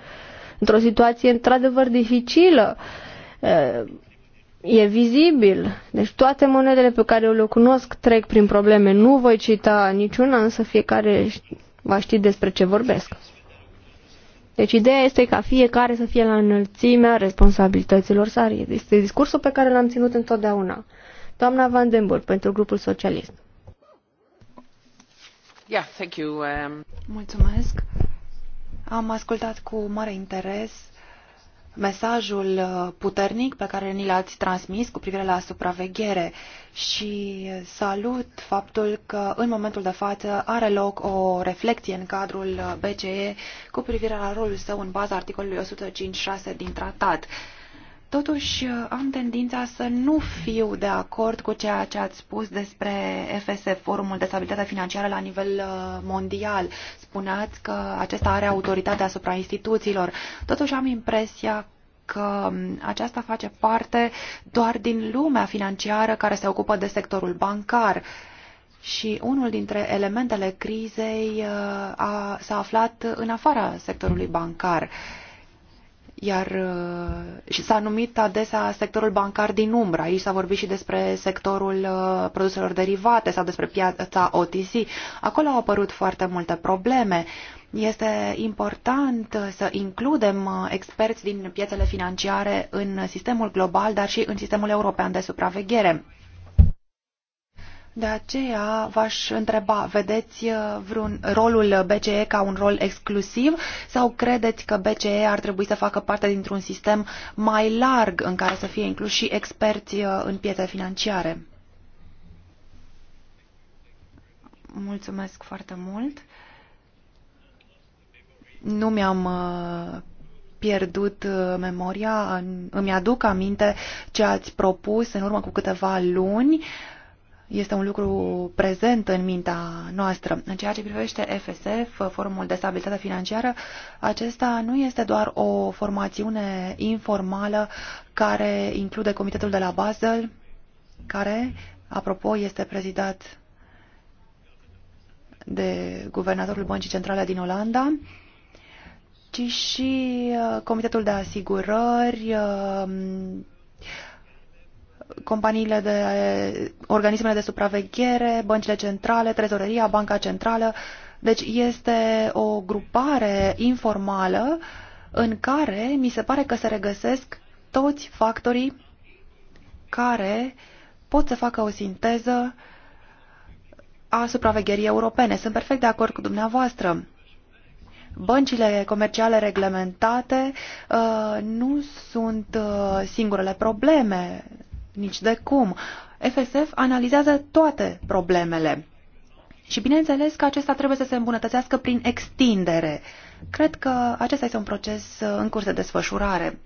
într-o situație într-adevăr dificilă. E vizibil. Deci toate monedele pe care eu le cunosc trec prin probleme. Nu voi cita niciuna, însă fiecare va ști despre ce vorbesc. Deci ideea este ca fiecare să fie la înălțimea responsabilităților sale. Este discursul pe care l-am ținut întotdeauna. Doamna Van den Burg, pentru grupul socialist. Yeah, thank you. Um... Mulțumesc. Am ascultat cu mare interes mesajul uh, puternic pe care ni l-ați transmis cu privire la supraveghere și salut faptul că în momentul de față are loc o reflecție în cadrul uh, BCE cu privire la rolul său în baza articolului 105.6 din tratat. Uh, Totuși, uh, am tendința să nu fiu de acord cu ceea ce ați spus despre FSF, Forumul de Stabilitate Financiară la nivel uh, mondial. Spuneați că acesta are autoritatea asupra instituțiilor. Totuși, am impresia că um, aceasta face parte doar din lumea financiară care se ocupă de sectorul bancar. Și unul dintre elementele crizei uh, s-a aflat în afara sectorului bancar. Uh, iar uh, și s-a numit adesea sectorul bancar din umbră. Aici s-a vorbit și despre sectorul uh, produselor derivate sau despre piața OTC. Acolo au apărut foarte multe probleme. Este important uh, să includem experți din piețele financiare în sistemul global, dar și în sistemul european de supraveghere. De aceea v-aș întreba, vedeți uh, vreun rolul BCE ca un rol exclusiv sau credeți că BCE ar trebui să facă parte dintr-un sistem mai larg în care să fie inclus și experți uh, în piețe financiare? Mulțumesc foarte mult. Nu mi-am uh, pierdut memoria, îmi aduc aminte ce ați propus în urmă cu câteva luni este un lucru prezent în mintea noastră. În ceea ce privește FSF, Forumul de Stabilitate Financiară, acesta nu este doar o formațiune informală care include comitetul de la Basel, care, apropo, este prezidat de guvernatorul Băncii Centrale din Olanda, ci și uh, Comitetul de Asigurări, uh, companiile de organismele de supraveghere, băncile centrale, trezoreria, banca centrală. Deci este o grupare informală în care mi se pare că se regăsesc toți factorii care pot să facă o sinteză a supravegherii europene. Sunt perfect de acord cu dumneavoastră. Băncile comerciale reglementate uh, nu sunt uh, singurele probleme nici de cum. FSF analizează toate problemele. Și bineînțeles că acesta trebuie să se îmbunătățească prin extindere. Cred că acesta este un proces uh, în curs de desfășurare.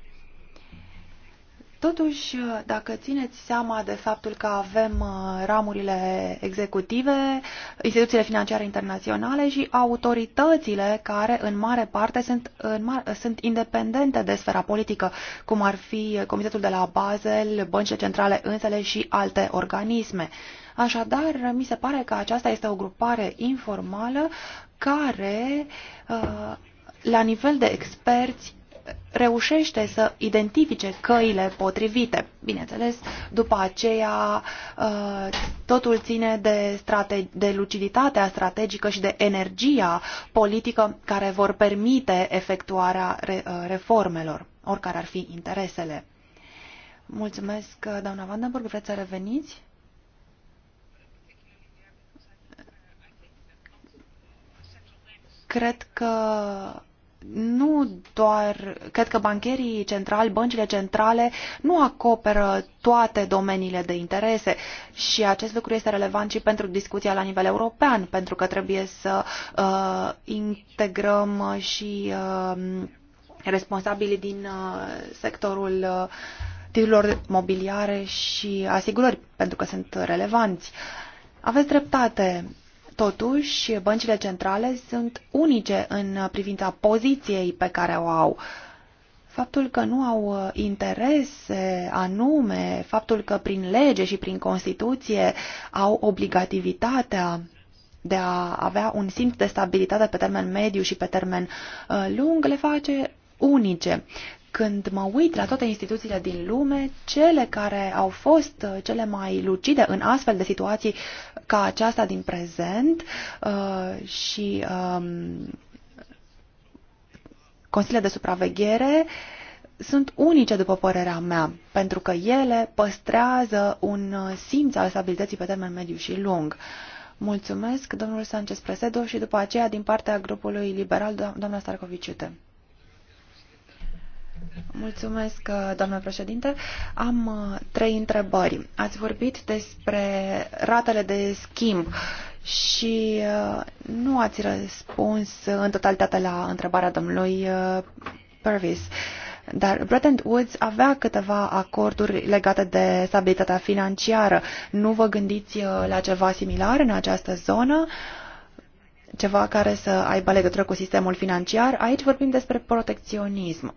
Totuși, dacă țineți seama de faptul că avem uh, ramurile executive, instituțiile financiare internaționale și autoritățile care în mare parte sunt, în mar- sunt independente de sfera politică, cum ar fi Comitetul de la Basel, băncile centrale însele și alte organisme. Așadar, mi se pare că aceasta este o grupare informală care, uh, la nivel de experți, reușește să identifice căile potrivite. Bineînțeles, după aceea ă, totul ține de, strate- de luciditatea strategică și de energia politică care vor permite efectuarea re- ă, reformelor, oricare ar fi interesele. Mulțumesc, doamna Vandenburg. Vreți să reveniți? Cred că nu doar, cred că bancherii centrali, băncile centrale nu acoperă toate domeniile de interese și acest lucru este relevant și pentru discuția la nivel european, pentru că trebuie să uh, integrăm și uh, responsabilii din uh, sectorul uh, titlurilor mobiliare și asigurări, pentru că sunt relevanți. Aveți dreptate. Totuși, băncile centrale sunt unice în privința poziției pe care o au. Faptul că nu au uh, interese anume, faptul că prin lege și prin Constituție au obligativitatea de a avea un simț de stabilitate pe termen mediu și pe termen uh, lung, le face unice. Când mă uit la toate instituțiile din lume, cele care au fost uh, cele mai lucide în astfel de situații ca aceasta din prezent uh, și um, consiliile de supraveghere sunt unice, după părerea mea, pentru că ele păstrează un uh, simț al stabilității pe termen mediu și lung. Mulțumesc, domnul Sanchez Presedo, și după aceea, din partea grupului liberal, doamna Starcovici. Mulțumesc, uh, doamnă președinte. Am uh, trei întrebări. Ați vorbit despre ratele de schimb și uh, nu ați răspuns în totalitate la întrebarea domnului Purvis. Dar Bretton Woods avea câteva acorduri legate de stabilitatea financiară. Nu vă gândiți la ceva similar în această zonă? Uh, ceva care să aibă legătură cu sistemul financiar. Aici vorbim despre protecționism.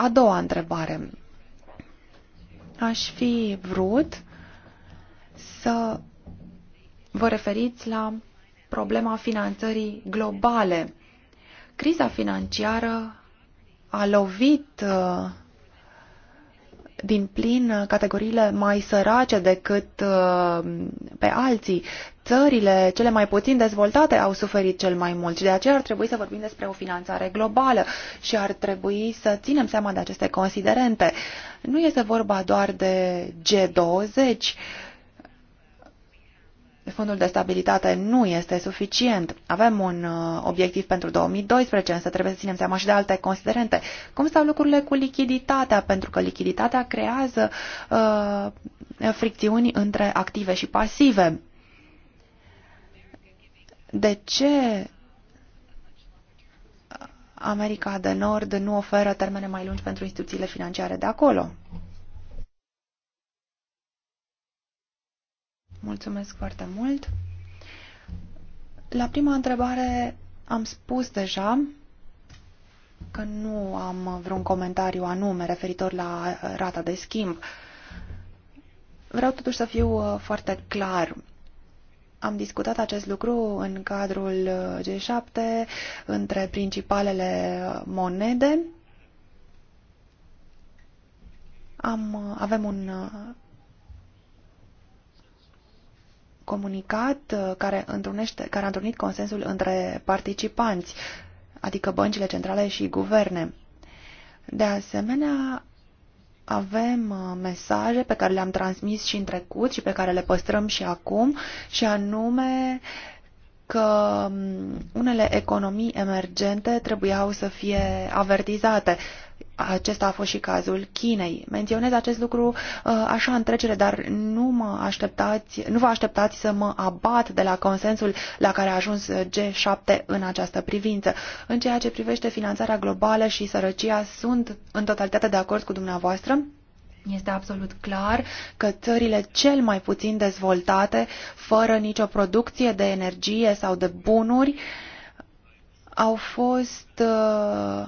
A doua întrebare. Aș fi vrut să vă referiți la problema finanțării globale. Criza financiară a lovit uh, din plin uh, categoriile mai sărace decât uh, pe alții. Țările cele mai puțin dezvoltate au suferit cel mai mult și de aceea ar trebui să vorbim despre o finanțare globală și ar trebui să ținem seama de aceste considerente. Nu este vorba doar de G20, fondul de stabilitate nu este suficient. Avem un uh, obiectiv pentru 2012, însă trebuie să ținem seama și de alte considerente. Cum stau lucrurile cu lichiditatea? Pentru că lichiditatea creează uh, fricțiuni între active și pasive. De ce America de Nord nu oferă termene mai lungi pentru instituțiile financiare de acolo? Mulțumesc foarte mult. La prima întrebare am spus deja că nu am vreun comentariu anume referitor la uh, rata de schimb. Vreau totuși să fiu uh, foarte clar. Am discutat acest lucru în cadrul uh, G7 între principalele monede. Am, avem un comunicat uh, care, întrunește, care a întrunit consensul între participanți, adică băncile centrale și guverne. De asemenea, avem uh, mesaje pe care le-am transmis și în trecut și pe care le păstrăm și acum, și anume că um, unele economii emergente trebuiau să fie avertizate acesta a fost și cazul Chinei. Menționez acest lucru uh, așa în trecere, dar nu, mă așteptați, nu vă așteptați să mă abat de la consensul la care a ajuns G7 în această privință. În ceea ce privește finanțarea globală și sărăcia, sunt în totalitate de acord cu dumneavoastră. Este absolut clar că țările cel mai puțin dezvoltate, fără nicio producție de energie sau de bunuri, au fost uh,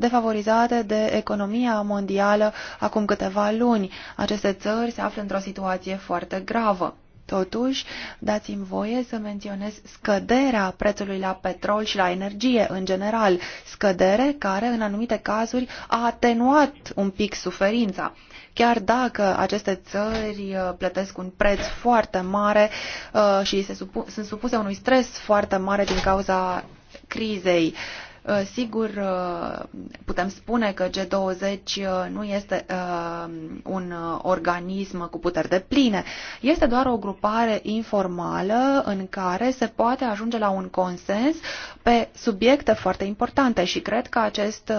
defavorizate de economia mondială acum câteva luni. Aceste țări se află într-o situație foarte gravă. Totuși, dați-mi voie să menționez scăderea prețului la petrol și la energie în general, scădere care, în anumite cazuri, a atenuat un pic suferința. Chiar dacă aceste țări uh, plătesc un preț foarte mare uh, și se supu- sunt supuse unui stres foarte mare din cauza crizei. Uh, Uh, sigur, uh, putem spune că G20 uh, nu este un organism cu puteri de pline. Este doar o grupare informală în care se poate ajunge la un consens pe subiecte foarte importante și cred că acest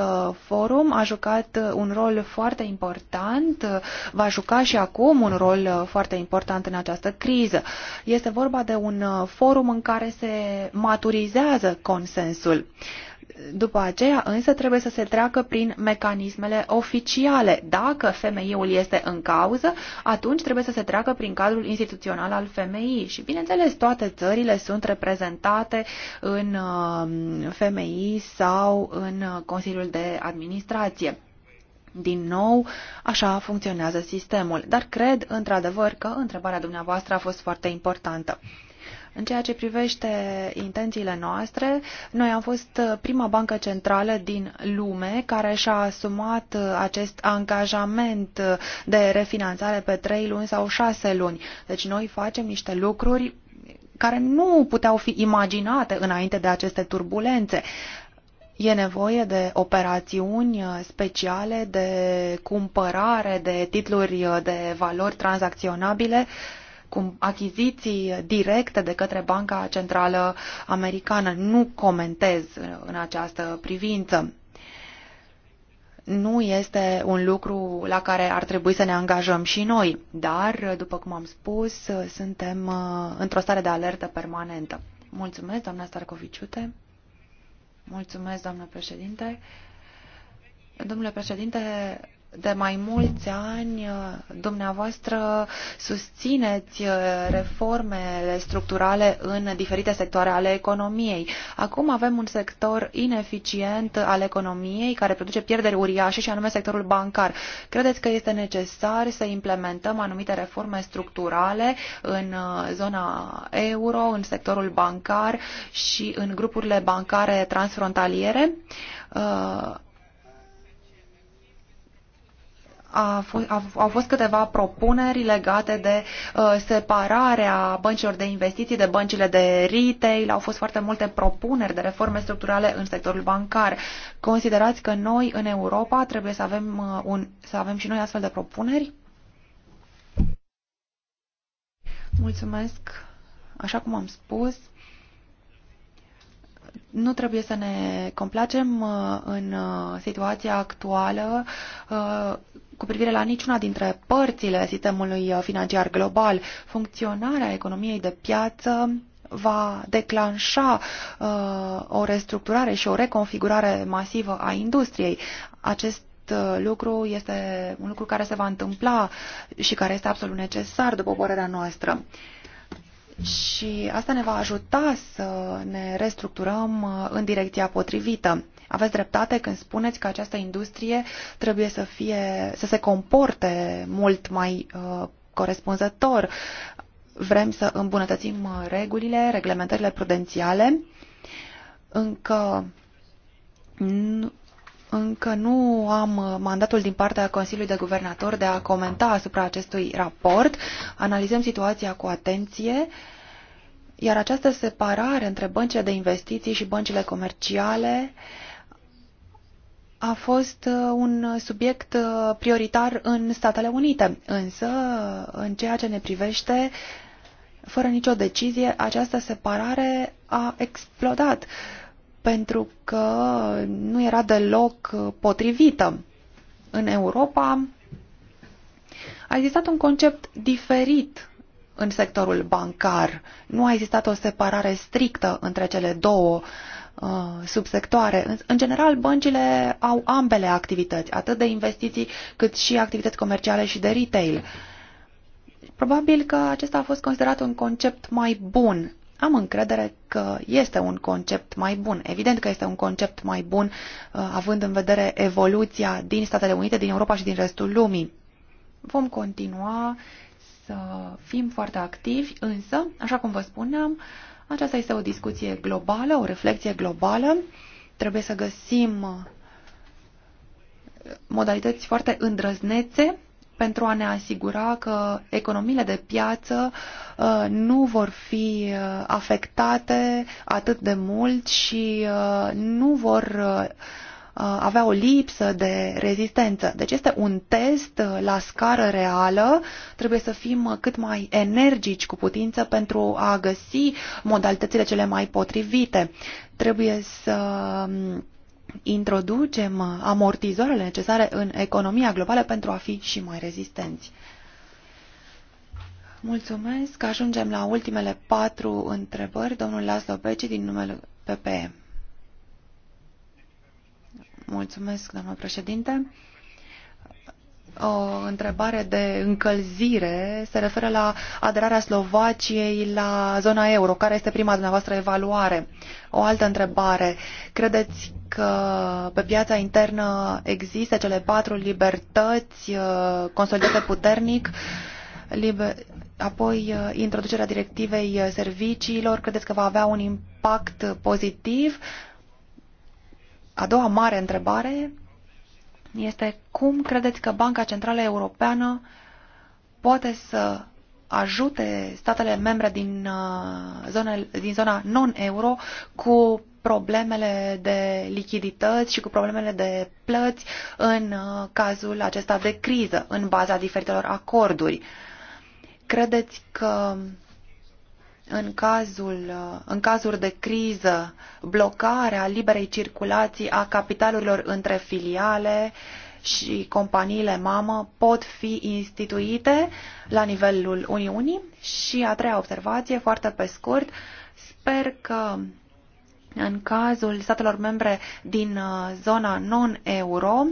forum a jucat un rol foarte important, va juca și acum un rol foarte important în această criză. Este vorba de un forum în care se maturizează consensul. După aceea însă trebuie să se treacă prin mecanismele oficiale. Dacă femeiul este în cauză, atunci trebuie să se treacă prin cadrul instituțional al femeii. Și bineînțeles, toate țările sunt reprezentate în uh, femeii sau în uh, Consiliul de Administrație. Din nou, așa funcționează sistemul, dar cred într-adevăr că întrebarea dumneavoastră a fost foarte importantă. În ceea ce privește intențiile noastre, noi am fost prima bancă centrală din lume care și-a asumat acest angajament de refinanțare pe trei luni sau șase luni. Deci noi facem niște lucruri care nu puteau fi imaginate înainte de aceste turbulențe. E nevoie de operațiuni speciale de cumpărare de titluri de valori tranzacționabile uh, cum achiziții directe de către Banca Centrală Americană. Nu comentez în această privință. Nu este un lucru la care ar trebui să ne angajăm și noi, dar, după cum am spus, suntem uh, într-o stare de alertă permanentă. Mulțumesc, doamna Starcoviciute. Mulțumesc, doamnă președinte. Domnule președinte, de mai mulți ani uh, dumneavoastră susțineți uh, reformele structurale în diferite sectoare ale economiei. Acum avem un sector ineficient al economiei care produce pierderi uriașe și anume sectorul bancar. Credeți că este necesar să implementăm anumite reforme structurale în uh, zona euro, în sectorul bancar și în grupurile bancare transfrontaliere? a fost, au fost câteva propuneri legate de uh, separarea băncilor de investiții de băncile de retail, au fost foarte multe propuneri de reforme structurale în sectorul bancar. Considerați că noi în Europa trebuie să avem, uh, un, să avem și noi astfel de propuneri? Mulțumesc. Așa cum am spus, nu trebuie să ne complacem uh, în situația actuală cu privire la niciuna dintre părțile sistemului financiar global. Funcționarea economiei de piață va declanșa uh, o restructurare și o reconfigurare masivă a industriei. Acest uh, lucru este un lucru care se va întâmpla și care este absolut necesar, după părerea noastră. Și asta ne va ajuta să ne restructurăm uh, în direcția potrivită. Aveți dreptate când spuneți că această industrie trebuie să, fie, să se comporte mult mai uh, corespunzător. Vrem să îmbunătățim uh, regulile, reglementările prudențiale. Încă încă nu am uh, mandatul din partea Consiliului de Guvernator de a comenta asupra acestui raport. Analizăm situația cu atenție, iar această separare între băncile de investiții și băncile comerciale uh, a fost uh, un subiect uh, prioritar în Statele Unite, însă în ceea ce ne privește, fără nicio decizie, această separare a explodat pentru că nu era deloc uh, potrivită. În Europa a existat un concept diferit în sectorul bancar. Nu a existat o separare strictă între cele două uh, Uh, subsectoare. În general, băncile au ambele activități, atât de investiții cât și activități comerciale și de retail. Probabil că acesta a fost considerat un concept mai bun. Am încredere că este un concept mai bun. Evident că este un concept mai bun, uh, având în vedere evoluția din Statele Unite, din Europa și din restul lumii. Vom continua să fim foarte activi, însă, așa cum vă spuneam, uh, aceasta este o discuție globală, o reflexie globală. Trebuie să găsim uh, modalități foarte îndrăznețe pentru a ne asigura că economiile de piață uh, nu vor fi uh, afectate atât de mult și nu vor Uh, avea o lipsă de rezistență. Deci este un test uh, la scară reală, trebuie să fim uh, cât mai energici cu putință pentru a găsi modalitățile cele mai potrivite. Trebuie să um, introducem amortizoarele necesare în economia globală pentru a fi și mai rezistenți. Mulțumesc. Ajungem la ultimele patru întrebări. Domnul Laszlo Beci din numele PPM. Mulțumesc, doamnă președinte. O întrebare de încălzire se referă la aderarea Slovaciei la zona euro. Care este prima dumneavoastră evaluare? O altă întrebare. Credeți că pe piața internă există cele patru libertăți uh, consolidate puternic? Liber... Apoi, uh, introducerea directivei uh, serviciilor, credeți că va avea un impact pozitiv? A doua mare întrebare este cum credeți că Banca Centrală Europeană poate să ajute statele membre din, uh, zone, din zona non-euro cu problemele de lichidități și cu problemele de plăți în uh, cazul acesta de criză, în baza diferitelor acorduri. Credeți că în, cazul, în cazuri de criză, blocarea liberei circulații a capitalurilor între filiale și companiile mamă pot fi instituite la nivelul Uniunii. Și a treia observație, foarte pe scurt, sper că în cazul statelor membre din uh, zona non-euro,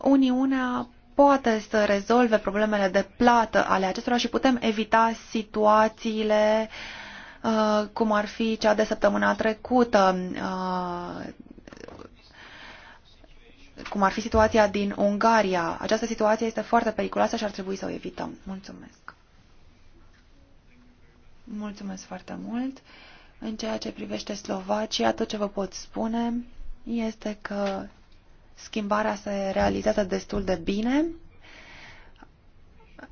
Uniunea poate să rezolve problemele de plată ale acestora și putem evita situațiile uh, cum ar fi cea de săptămâna trecută, uh, cum ar fi situația din Ungaria. Această situație este foarte periculoasă și ar trebui să o evităm. Mulțumesc. Mulțumesc foarte mult. În ceea ce privește Slovacia, tot ce vă pot spune este că Schimbarea se realizează destul de bine.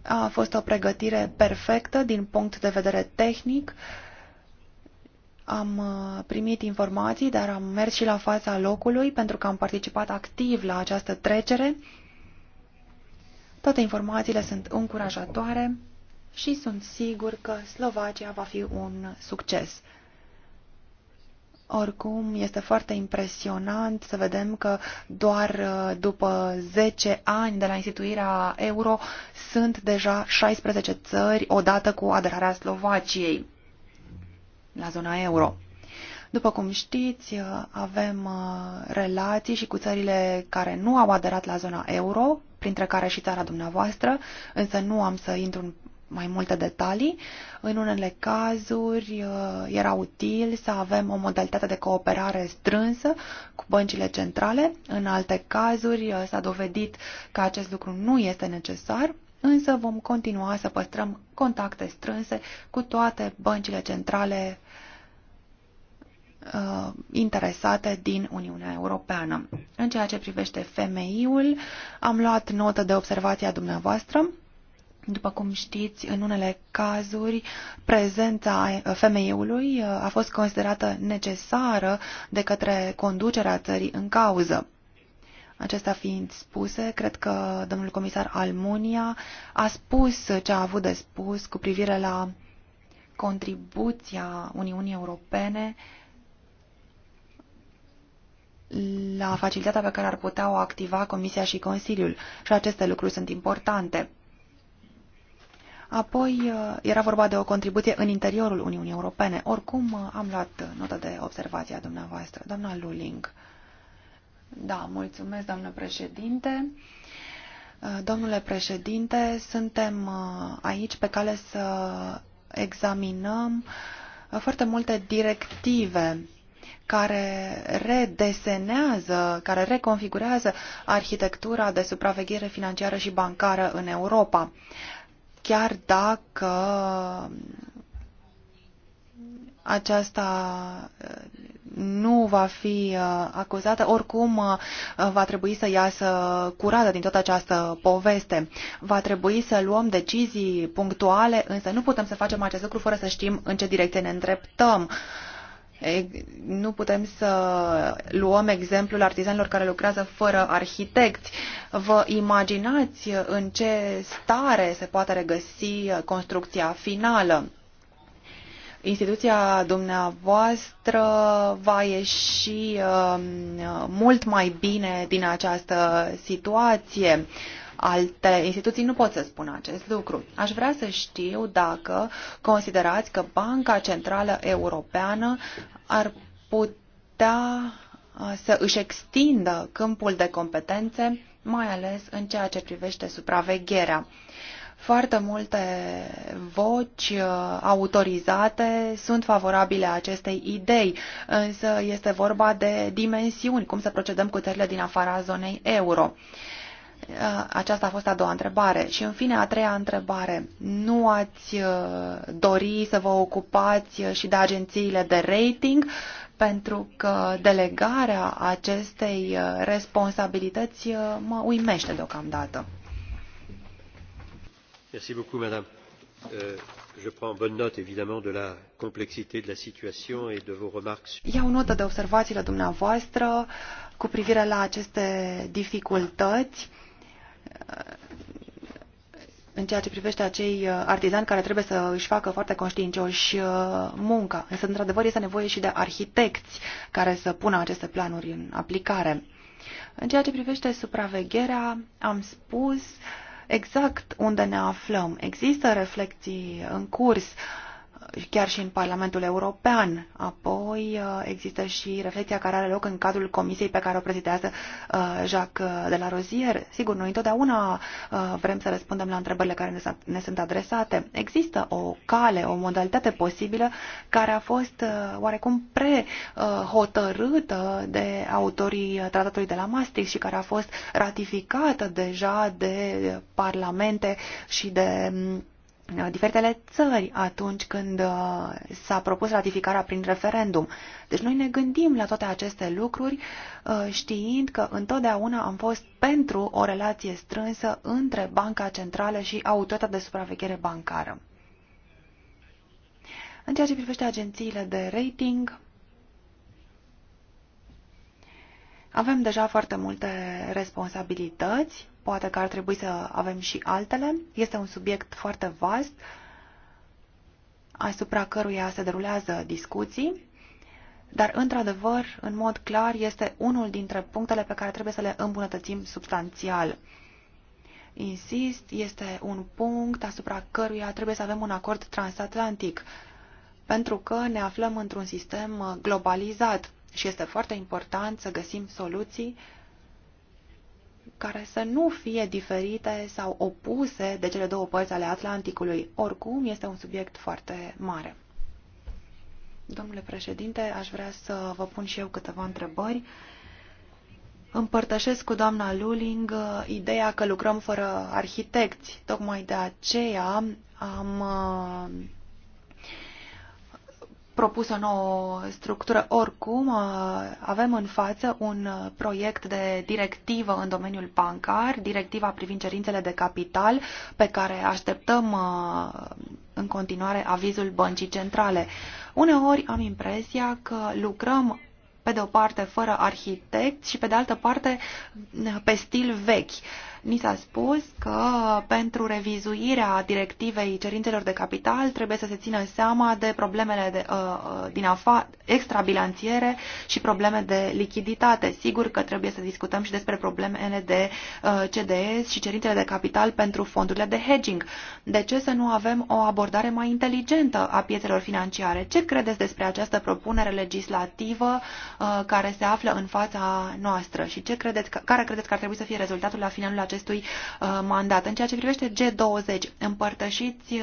A fost o pregătire perfectă din punct de vedere tehnic. Am uh, primit informații, dar am mers și la fața locului pentru că am participat activ la această trecere. Toate informațiile sunt încurajatoare și sunt sigur că Slovacia va fi un succes. Oricum, este foarte impresionant să vedem că doar uh, după 10 ani de la instituirea euro sunt deja 16 țări odată cu aderarea Slovaciei la zona euro. După cum știți, uh, avem uh, relații și cu țările care nu au aderat la zona euro, printre care și țara dumneavoastră, însă nu am să intru în mai multe detalii. În unele cazuri uh, era util să avem o modalitate de cooperare strânsă cu băncile centrale. În alte cazuri uh, s-a dovedit că acest lucru nu este necesar, însă vom continua să păstrăm contacte strânse cu toate băncile centrale uh, interesate din Uniunea Europeană. În ceea ce privește FMI-ul, am luat notă de observația dumneavoastră după cum știți, în unele cazuri, prezența femeiului uh, a fost considerată necesară de către conducerea țării în cauză. Acestea fiind spuse, cred că domnul comisar Almunia a spus ce a avut de spus cu privire la contribuția Uniunii Europene la facilitatea pe care ar putea o activa Comisia și Consiliul. Și aceste lucruri sunt importante. Apoi uh, era vorba de o contribuție în interiorul Uniunii Europene. Oricum uh, am luat notă de observația dumneavoastră. Doamna Luling. Da, mulțumesc, doamnă președinte. Uh, domnule președinte, suntem aici pe cale să examinăm foarte multe directive care redesenează, care reconfigurează arhitectura de supraveghere financiară și bancară în Europa chiar dacă aceasta uh, nu va fi uh, acuzată, oricum uh, va trebui să iasă curată din toată această poveste. Va trebui să luăm decizii punctuale, însă nu putem să facem acest lucru fără să știm în ce direcție ne îndreptăm. Uh, nu putem să luăm exemplul artizanilor care lucrează fără arhitecți. Vă imaginați în ce stare se poate regăsi construcția finală? instituția dumneavoastră va ieși um, mult mai bine din această situație. Alte instituții nu pot să spună acest lucru. Aș vrea să știu dacă considerați că Banca Centrală Europeană ar putea uh, să își extindă câmpul de competențe, mai ales în ceea ce privește supravegherea. Foarte multe voci uh, autorizate sunt favorabile acestei idei, însă este vorba de dimensiuni, cum să procedăm cu țările din afara zonei euro. Uh, aceasta a fost a doua întrebare. Și în fine, a treia întrebare. Nu ați dori să vă ocupați și de agențiile de rating? Pentru că delegarea acestei responsabilități mă uimește deocamdată. Merci beaucoup, madame. Euh, je prends bonne note, évidemment, de la complexité de la situation et de vos remarques. Iau notă de observațiile dumneavoastră cu privire la aceste dificultăți în ceea ce privește acei uh, artizani care trebuie să își facă foarte conștiincioși uh, munca. Însă, într-adevăr, este nevoie și de arhitecți care să pună aceste planuri în aplicare. În ceea ce privește supravegherea, am spus exact unde ne aflăm. Există reflecții în curs. Uh, chiar și în Parlamentul European. Apoi uh, există și reflexia care are loc în cadrul comisiei pe care o prezidează uh, Jacques de la Rozier. Sigur, noi întotdeauna uh, vrem să răspundem la întrebările care ne sunt adresate. Există o cale, o modalitate posibilă care a fost oarecum prehotărâtă de autorii tratatului de la Maastricht și care a fost ratificată deja de parlamente și de mm, Uh, diferitele țări atunci când uh, s-a propus ratificarea prin referendum. Deci noi ne gândim la toate aceste lucruri uh, știind că întotdeauna am fost pentru o relație strânsă între Banca Centrală și Autoritatea de Supraveghere Bancară. În ceea ce privește agențiile de rating, Avem deja foarte multe responsabilități, poate că ar trebui să avem și altele. Este un subiect foarte vast, asupra căruia se derulează discuții, dar, într-adevăr, în mod clar, este unul dintre punctele pe care trebuie să le îmbunătățim substanțial. Insist, este un punct asupra căruia trebuie să avem un acord transatlantic, pentru că ne aflăm într-un sistem globalizat și este foarte important să găsim soluții care să nu fie diferite sau opuse de cele două părți ale Atlanticului. Oricum, este un subiect foarte mare. Domnule președinte, aș vrea să vă pun și eu câteva întrebări. Împărtășesc cu doamna Luling uh, ideea că lucrăm fără arhitecți. Tocmai de aceea am uh, propus o nouă structură. Oricum, uh, avem în față un uh, proiect de directivă în domeniul bancar, directiva privind cerințele de capital, pe care așteptăm uh, în continuare avizul băncii centrale. Uneori am impresia că lucrăm pe de o parte fără arhitect și pe de altă parte pe stil vechi Ni s-a spus că pentru revizuirea directivei cerințelor de capital trebuie să se țină seama de problemele de, uh, uh din afa, extrabilanțiere și probleme de lichiditate. Sigur că trebuie să discutăm și despre problemele de uh, CDS și cerințele de capital pentru fondurile de hedging. De ce să nu avem o abordare mai inteligentă a piețelor financiare? Ce credeți despre această propunere legislativă uh, care se află în fața noastră și ce credeți, care credeți că ar trebui să fie rezultatul la finalul acestui acestui uh, mandat. În ceea ce privește G20, împărtășiți uh,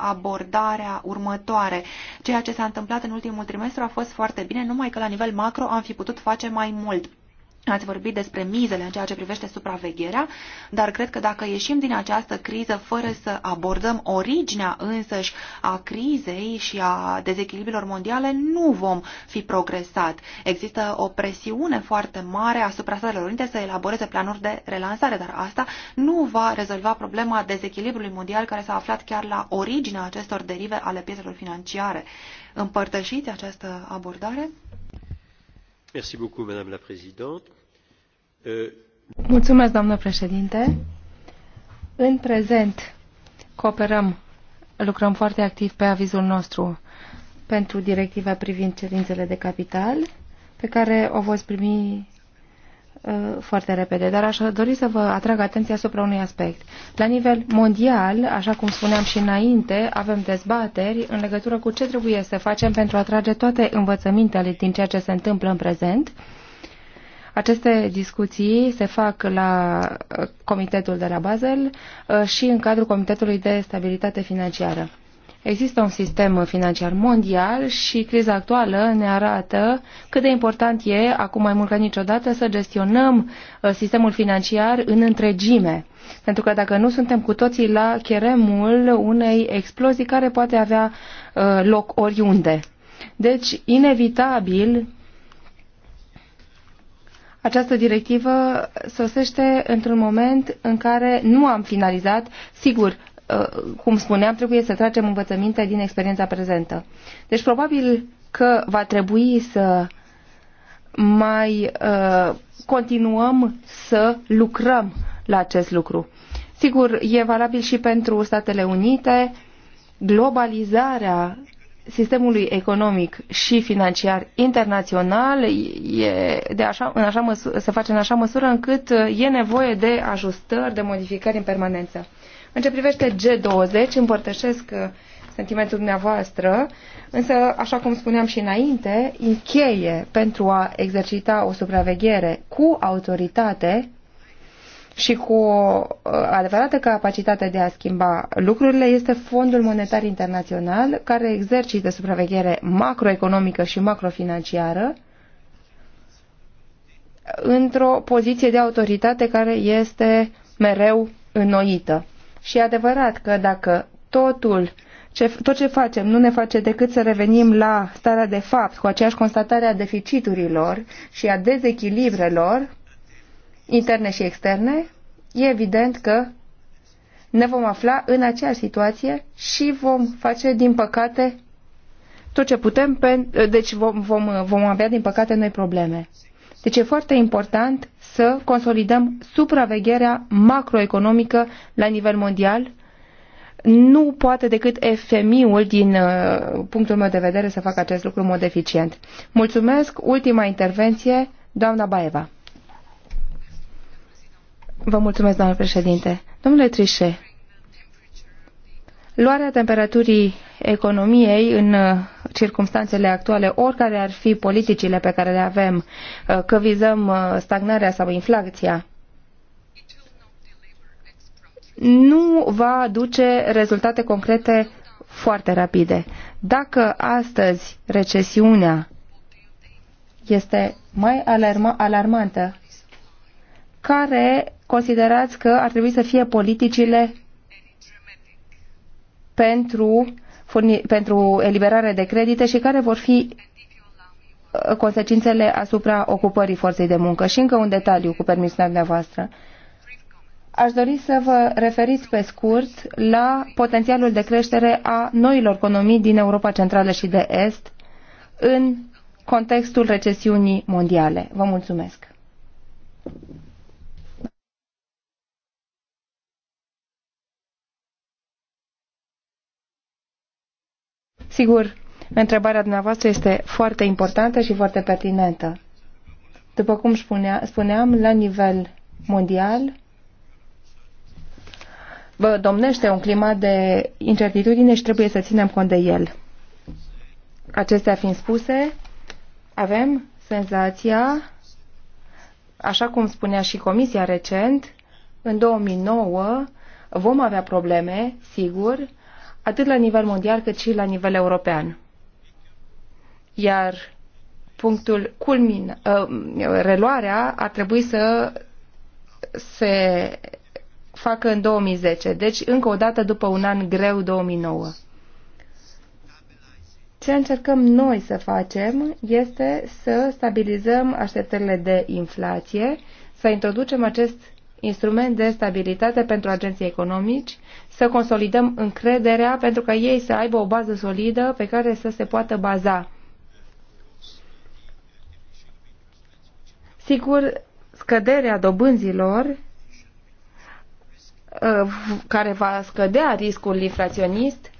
abordarea următoare. Ceea ce s-a întâmplat în ultimul trimestru a fost foarte bine, numai că la nivel macro am fi putut face mai mult. Ați vorbit despre mizele în ceea ce privește supravegherea, dar cred că dacă ieșim din această criză fără să abordăm originea însăși a crizei și a dezechilibrilor mondiale, nu vom fi progresat. Există o presiune foarte mare asupra Statelor Unite să elaboreze planuri de relansare, dar asta nu va rezolva problema dezechilibrului mondial care s-a aflat chiar la originea acestor derive ale piețelor financiare. Împărtășiți această abordare? Merci beaucoup, Madame la Présidente. Mulțumesc, președinte. În prezent cooperăm, lucrăm foarte activ pe avizul nostru pentru directiva privind cerințele de capital, pe care o voi primi uh, foarte repede, dar aș dori să vă atrag atenția asupra unui aspect. La nivel mondial, așa cum spuneam și înainte, avem dezbateri în legătură cu ce trebuie să facem pentru a trage toate învățămintele din ceea ce se întâmplă în prezent aceste discuții se fac la uh, comitetul de la Basel uh, și în cadrul Comitetului de Stabilitate Financiară. Există un sistem financiar mondial și criza actuală ne arată cât de important e, acum mai mult ca niciodată, să gestionăm uh, sistemul financiar în întregime. Pentru că dacă nu suntem cu toții la cheremul unei explozii care poate avea loc oriunde. Deci, inevitabil, această directivă sosește într-un moment în care nu am finalizat, sigur, uh, cum spuneam, trebuie să tragem învățăminte din experiența prezentă. Deci probabil că va trebui să mai uh, continuăm să lucrăm la acest lucru. Sigur, e valabil și pentru Statele Unite. Globalizarea sistemului economic și financiar internațional e de așa, în așa măsură, se face în așa măsură încât uh, e nevoie de ajustări, de modificări în permanență. În ce privește G20, împărtășesc uh, sentimentul dumneavoastră, însă, așa cum spuneam și înainte, încheie pentru a exercita o supraveghere cu autoritate și cu o uh, adevărată capacitate de a schimba lucrurile este Fondul Monetar Internațional, care exercită supraveghere macroeconomică și macrofinanciară într-o poziție de autoritate care este mereu înnoită. Și e adevărat că dacă totul ce, tot ce facem nu ne face decât să revenim la starea de fapt cu aceeași constatare a deficiturilor și a dezechilibrelor interne și externe, e evident că ne vom afla în aceeași situație și vom face, din păcate, tot ce putem, pe, deci vom, vom, vom avea, din păcate, noi probleme. Deci e foarte important să consolidăm supravegherea macroeconomică la nivel mondial. Nu poate decât FMI-ul, din uh, punctul meu de vedere, să facă acest lucru în mod eficient. Mulțumesc. Ultima intervenție, doamna Baeva. Vă mulțumesc, doamnă președinte. Domnule Trișe, luarea temperaturii economiei în uh, circumstanțele actuale, oricare ar fi politicile pe care le avem, uh, că vizăm uh, stagnarea sau inflația, nu va aduce rezultate concrete foarte rapide. Dacă astăzi recesiunea este mai alarma, alarmantă care considerați că ar trebui să fie politicile pentru, pentru eliberare de credite și care vor fi uh, consecințele asupra ocupării forței de muncă. Și încă un detaliu cu permisiunea dumneavoastră. Aș dori să vă referiți pe scurt la potențialul de creștere a noilor economii din Europa Centrală și de Est în contextul recesiunii mondiale. Vă mulțumesc! Sigur, întrebarea dumneavoastră este foarte importantă și foarte pertinentă. După cum spunea, spuneam, la nivel mondial bă, domnește un climat de incertitudine și trebuie să ținem cont de el. Acestea fiind spuse, avem senzația, așa cum spunea și Comisia recent, în 2009 vom avea probleme, sigur, atât la nivel mondial cât și la nivel european. Iar punctul culmin, uh, reluarea ar trebui să se facă în 2010, deci încă o dată după un an greu 2009. Ce încercăm noi să facem este să stabilizăm așteptările de inflație, să introducem acest instrument de stabilitate pentru agenții economici, să consolidăm încrederea pentru ca ei să aibă o bază solidă pe care să se poată baza. Sigur, scăderea dobânzilor uh, care va scădea riscul inflaționist,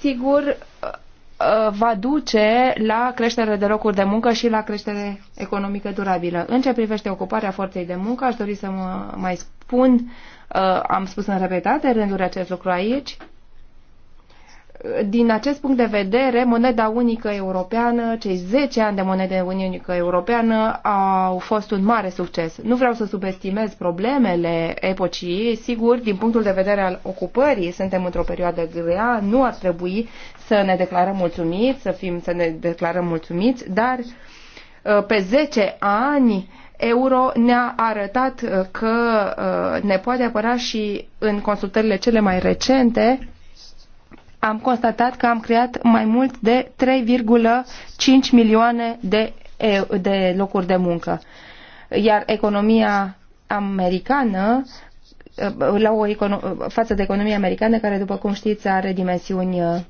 sigur, uh, Uh, va duce la creștere de locuri de muncă și la creștere economică durabilă. În ce privește ocuparea forței de muncă, aș dori să mă mai spun, uh, am spus în repetate rânduri acest lucru aici, din acest punct de vedere, moneda unică europeană, cei 10 ani de monedă unică europeană au fost un mare succes. Nu vreau să subestimez problemele epocii, sigur, din punctul de vedere al ocupării, suntem într-o perioadă grea, nu ar trebui să ne declarăm mulțumiți, să fim să ne declarăm mulțumiți, dar uh, pe 10 ani euro ne-a arătat uh, că uh, ne poate apăra și în consultările cele mai recente am constatat că am creat mai mult de 3,5 milioane de, de locuri de muncă. Iar economia americană la o econo- față de economia americană, care, după cum știți, are dimensiuni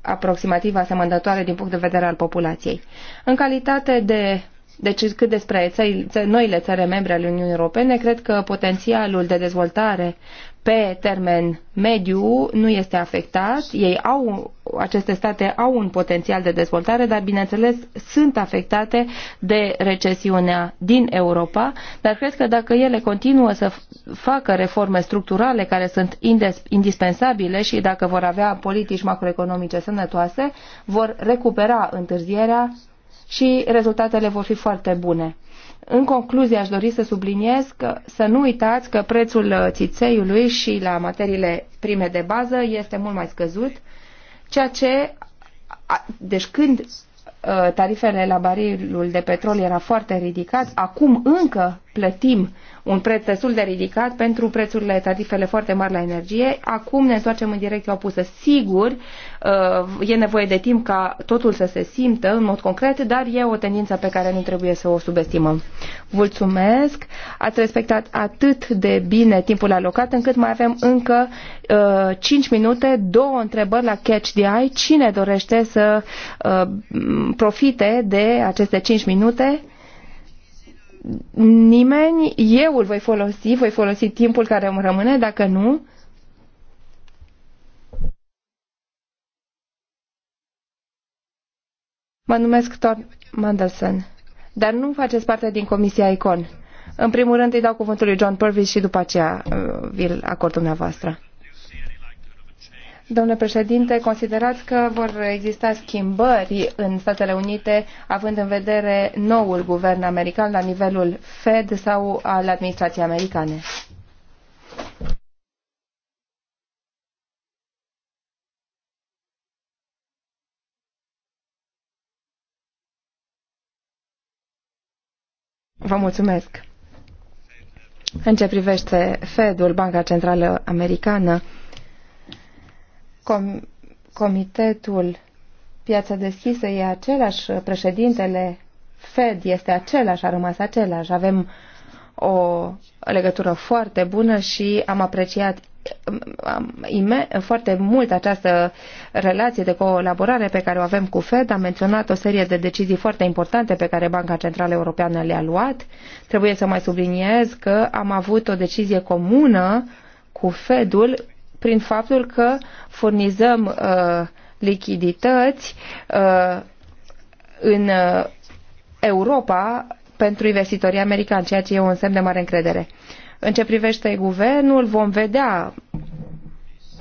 aproximativ asemănătoare din punct de vedere al populației. În calitate de deci cât despre țări, noile țări membre ale Uniunii Europene, cred că potențialul de dezvoltare pe termen mediu nu este afectat. Ei au, aceste state au un potențial de dezvoltare, dar bineînțeles sunt afectate de recesiunea din Europa, dar cred că dacă ele continuă să facă reforme structurale care sunt indispensabile și dacă vor avea politici macroeconomice sănătoase, vor recupera întârzierea și rezultatele vor fi foarte bune. În concluzie, aș dori să subliniez că să nu uitați că prețul uh, țițeiului și la materiile prime de bază este mult mai scăzut, ceea ce, deci când uh, tarifele la barilul de petrol era foarte ridicat, acum încă plătim un preț destul de ridicat pentru prețurile, tarifele foarte mari la energie. Acum ne întoarcem în direcția opusă. Sigur, uh, e nevoie de timp ca totul să se simtă în mod concret, dar e o tendință pe care nu trebuie să o subestimăm. Mulțumesc! Ați respectat atât de bine timpul alocat încât mai avem încă 5 uh, minute, două întrebări la Catch the Eye. Cine dorește să uh, profite de aceste 5 minute? nimeni, eu îl voi folosi, voi folosi timpul care îmi rămâne, dacă nu, Mă numesc Tom Mandelson, dar nu faceți parte din Comisia ICON. În primul rând îi dau cuvântul lui John Purvis și după aceea uh, vi-l acord dumneavoastră. Domnule președinte, considerați că vor exista schimbări în Statele Unite, având în vedere noul guvern american la nivelul Fed sau al administrației americane? Vă mulțumesc. În ce privește Fedul, Banca Centrală Americană, Com Comitetul Piața Deschisă e același, președintele Fed este același, a rămas același. Avem o legătură foarte bună și am apreciat um, foarte mult această relație de colaborare pe care o avem cu Fed. Am menționat o serie de decizii foarte importante pe care Banca Centrală Europeană le-a luat. Trebuie să mai subliniez că am avut o decizie comună cu Fedul prin faptul că furnizăm uh, lichidități uh, în uh, Europa pentru investitorii americani, ceea ce e un semn de mare încredere. În ce privește guvernul, vom vedea,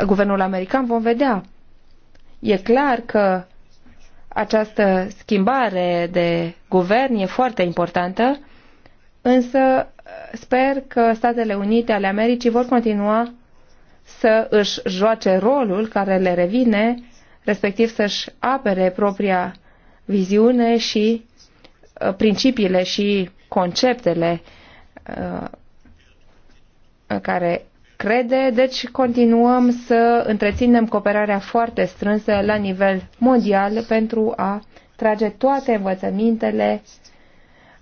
guvernul american vom vedea. E clar că această schimbare de guvern e foarte importantă, însă sper că Statele Unite ale Americii vor continua să își joace rolul care le revine, respectiv să-și apere propria viziune și uh, principiile și conceptele în uh, care crede, deci continuăm să întreținem cooperarea foarte strânsă la nivel mondial pentru a trage toate învățămintele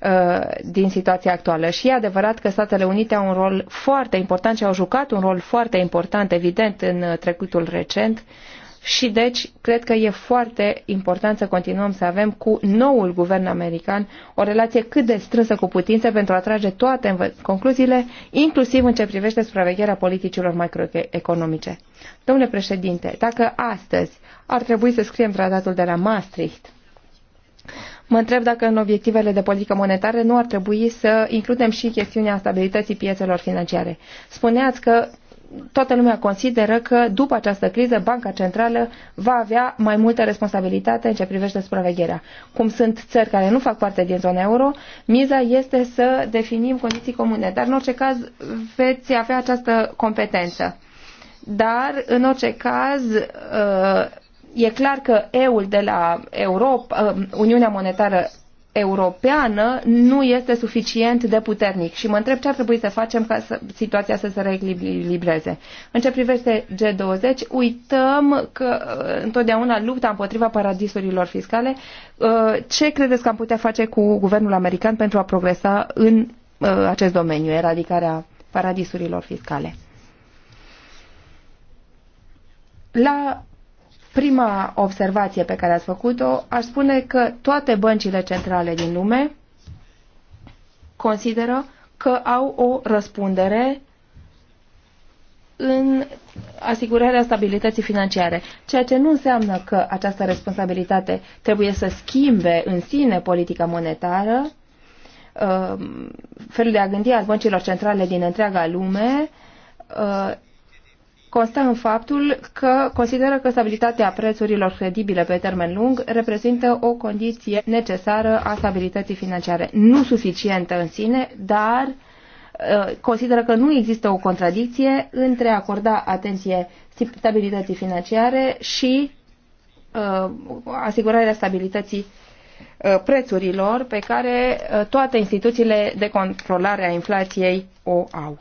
Uh, din situația actuală. Și e adevărat că Statele Unite au un rol foarte important și au jucat un rol foarte important, evident, în uh, trecutul recent. Și deci, cred că e foarte important să continuăm să avem cu noul guvern american o relație cât de strânsă cu putință pentru a trage toate concluziile, inclusiv în ce privește supravegherea politicilor macroeconomice. Domnule președinte, dacă astăzi ar trebui să scriem tratatul de la Maastricht, Mă întreb dacă în obiectivele de politică monetară nu ar trebui să includem și chestiunea stabilității piețelor financiare. Spuneați că toată lumea consideră că după această criză Banca Centrală va avea mai multă responsabilitate în ce privește supravegherea. Cum sunt țări care nu fac parte din zona euro, miza este să definim condiții comune, dar în orice caz veți avea această competență. Dar, în orice caz, uh, e clar că EU-ul de la Europa, uh, Uniunea Monetară Europeană nu este suficient de puternic și mă întreb ce ar trebui să facem ca să, situația să se reechilibreze. În ce privește G20, uităm că uh, întotdeauna lupta împotriva paradisurilor fiscale. Uh, ce credeți că am putea face cu guvernul american pentru a progresa în acest domeniu, eradicarea paradisurilor fiscale? La prima observație pe care ați făcut-o, aș spune că toate băncile centrale din lume consideră că au o răspundere în asigurarea stabilității financiare, ceea ce nu înseamnă că această responsabilitate trebuie să schimbe în sine politica monetară, ă, felul de a gândi al băncilor centrale din întreaga lume, ă, constă în faptul că consideră că stabilitatea prețurilor credibile pe termen lung reprezintă o condiție necesară a stabilității financiare. Nu suficientă în sine, dar uh, consideră că nu există o contradicție între a acorda atenție stabilității financiare și uh, asigurarea stabilității uh, prețurilor pe care toate instituțiile de controlare a inflației o au.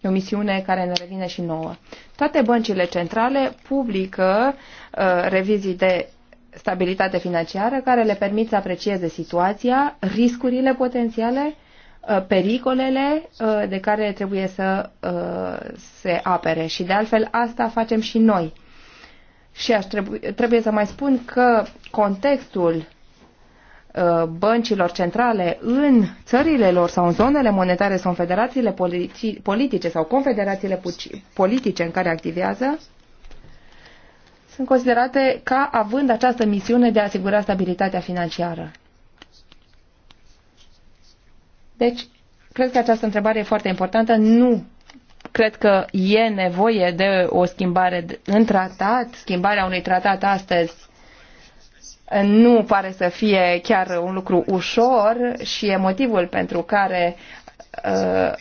E o misiune care ne revine și nouă. Toate băncile centrale publică uh, revizii de stabilitate financiară care le permit să aprecieze situația, riscurile potențiale, uh, pericolele uh, de care trebuie să uh, se apere. Și de altfel asta facem și noi. Și aș trebui, trebuie să mai spun că contextul Uh, băncilor centrale în țările lor sau în zonele monetare sau în federațiile politice sau confederațiile politice în care activează, sunt considerate ca având această misiune de a asigura stabilitatea financiară. Deci, cred că această întrebare e foarte importantă. Nu cred că e nevoie de o schimbare în tratat, schimbarea unui tratat astăzi nu pare să fie chiar un lucru ușor și e motivul pentru care uh,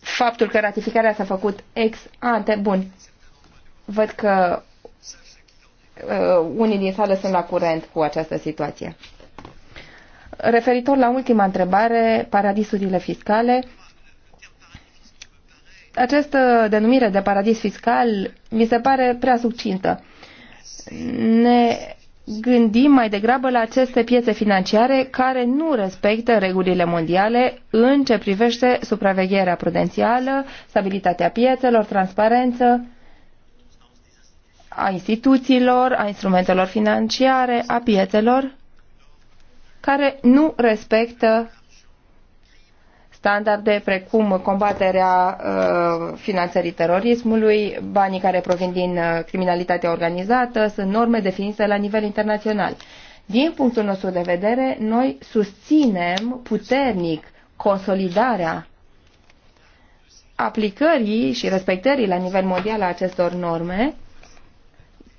faptul că ratificarea s-a făcut ex ante. Bun, văd că uh, unii din sală sunt la curent cu această situație. Referitor la ultima întrebare, paradisurile fiscale, această denumire de paradis fiscal mi se pare prea succintă ne gândim mai degrabă la aceste piețe financiare care nu respectă regulile mondiale în ce privește supravegherea prudențială, stabilitatea piețelor, transparență a instituțiilor, a instrumentelor financiare, a piețelor, care nu respectă standarde precum combaterea uh, finanțării terorismului, banii care provin din uh, criminalitatea organizată, sunt norme definite la nivel internațional. Din punctul nostru de vedere, noi susținem puternic consolidarea aplicării și respectării la nivel mondial a acestor norme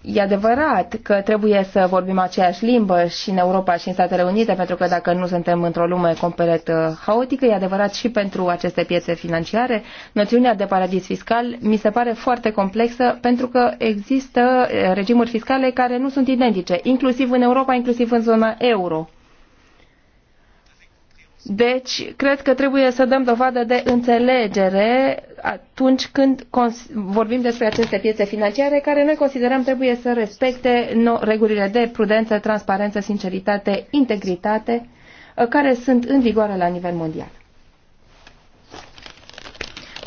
E adevărat că trebuie să vorbim aceeași limbă și în Europa și în Statele Unite, pentru că dacă nu suntem într-o lume complet uh, haotică, e adevărat și pentru aceste piețe financiare. Noțiunea de paradis fiscal mi se pare foarte complexă pentru că există uh, regimuri fiscale care nu sunt identice, inclusiv în Europa, inclusiv în zona euro. Deci, cred că trebuie să dăm dovadă de înțelegere atunci când vorbim despre aceste piețe financiare care noi considerăm trebuie să respecte no regulile de prudență, transparență, sinceritate, integritate uh, care sunt în vigoare la nivel mondial.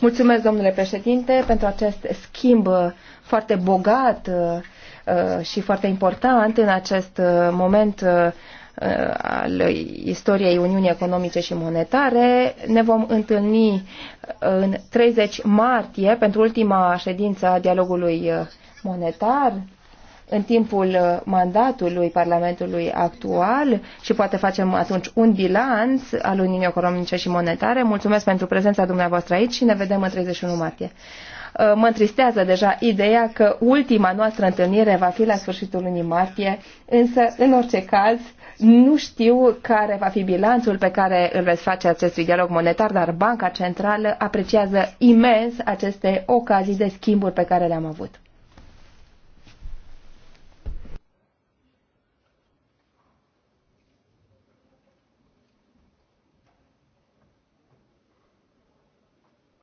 Mulțumesc, domnule președinte, pentru acest schimb uh, foarte bogat uh, și foarte important în acest moment Uh, al istoriei Uniunii Economice și Monetare. Ne vom întâlni uh, în 30 martie pentru ultima ședință a dialogului uh, monetar în timpul mandatului Parlamentului actual și poate facem atunci un bilanț al Uniunii Economice și Monetare. Mulțumesc pentru prezența dumneavoastră aici și ne vedem în 31 martie. Mă întristează deja ideea că ultima noastră întâlnire va fi la sfârșitul lunii martie, însă, în orice caz, nu știu care va fi bilanțul pe care îl veți face acestui dialog monetar, dar Banca Centrală apreciază imens aceste ocazii de schimburi pe care le-am avut.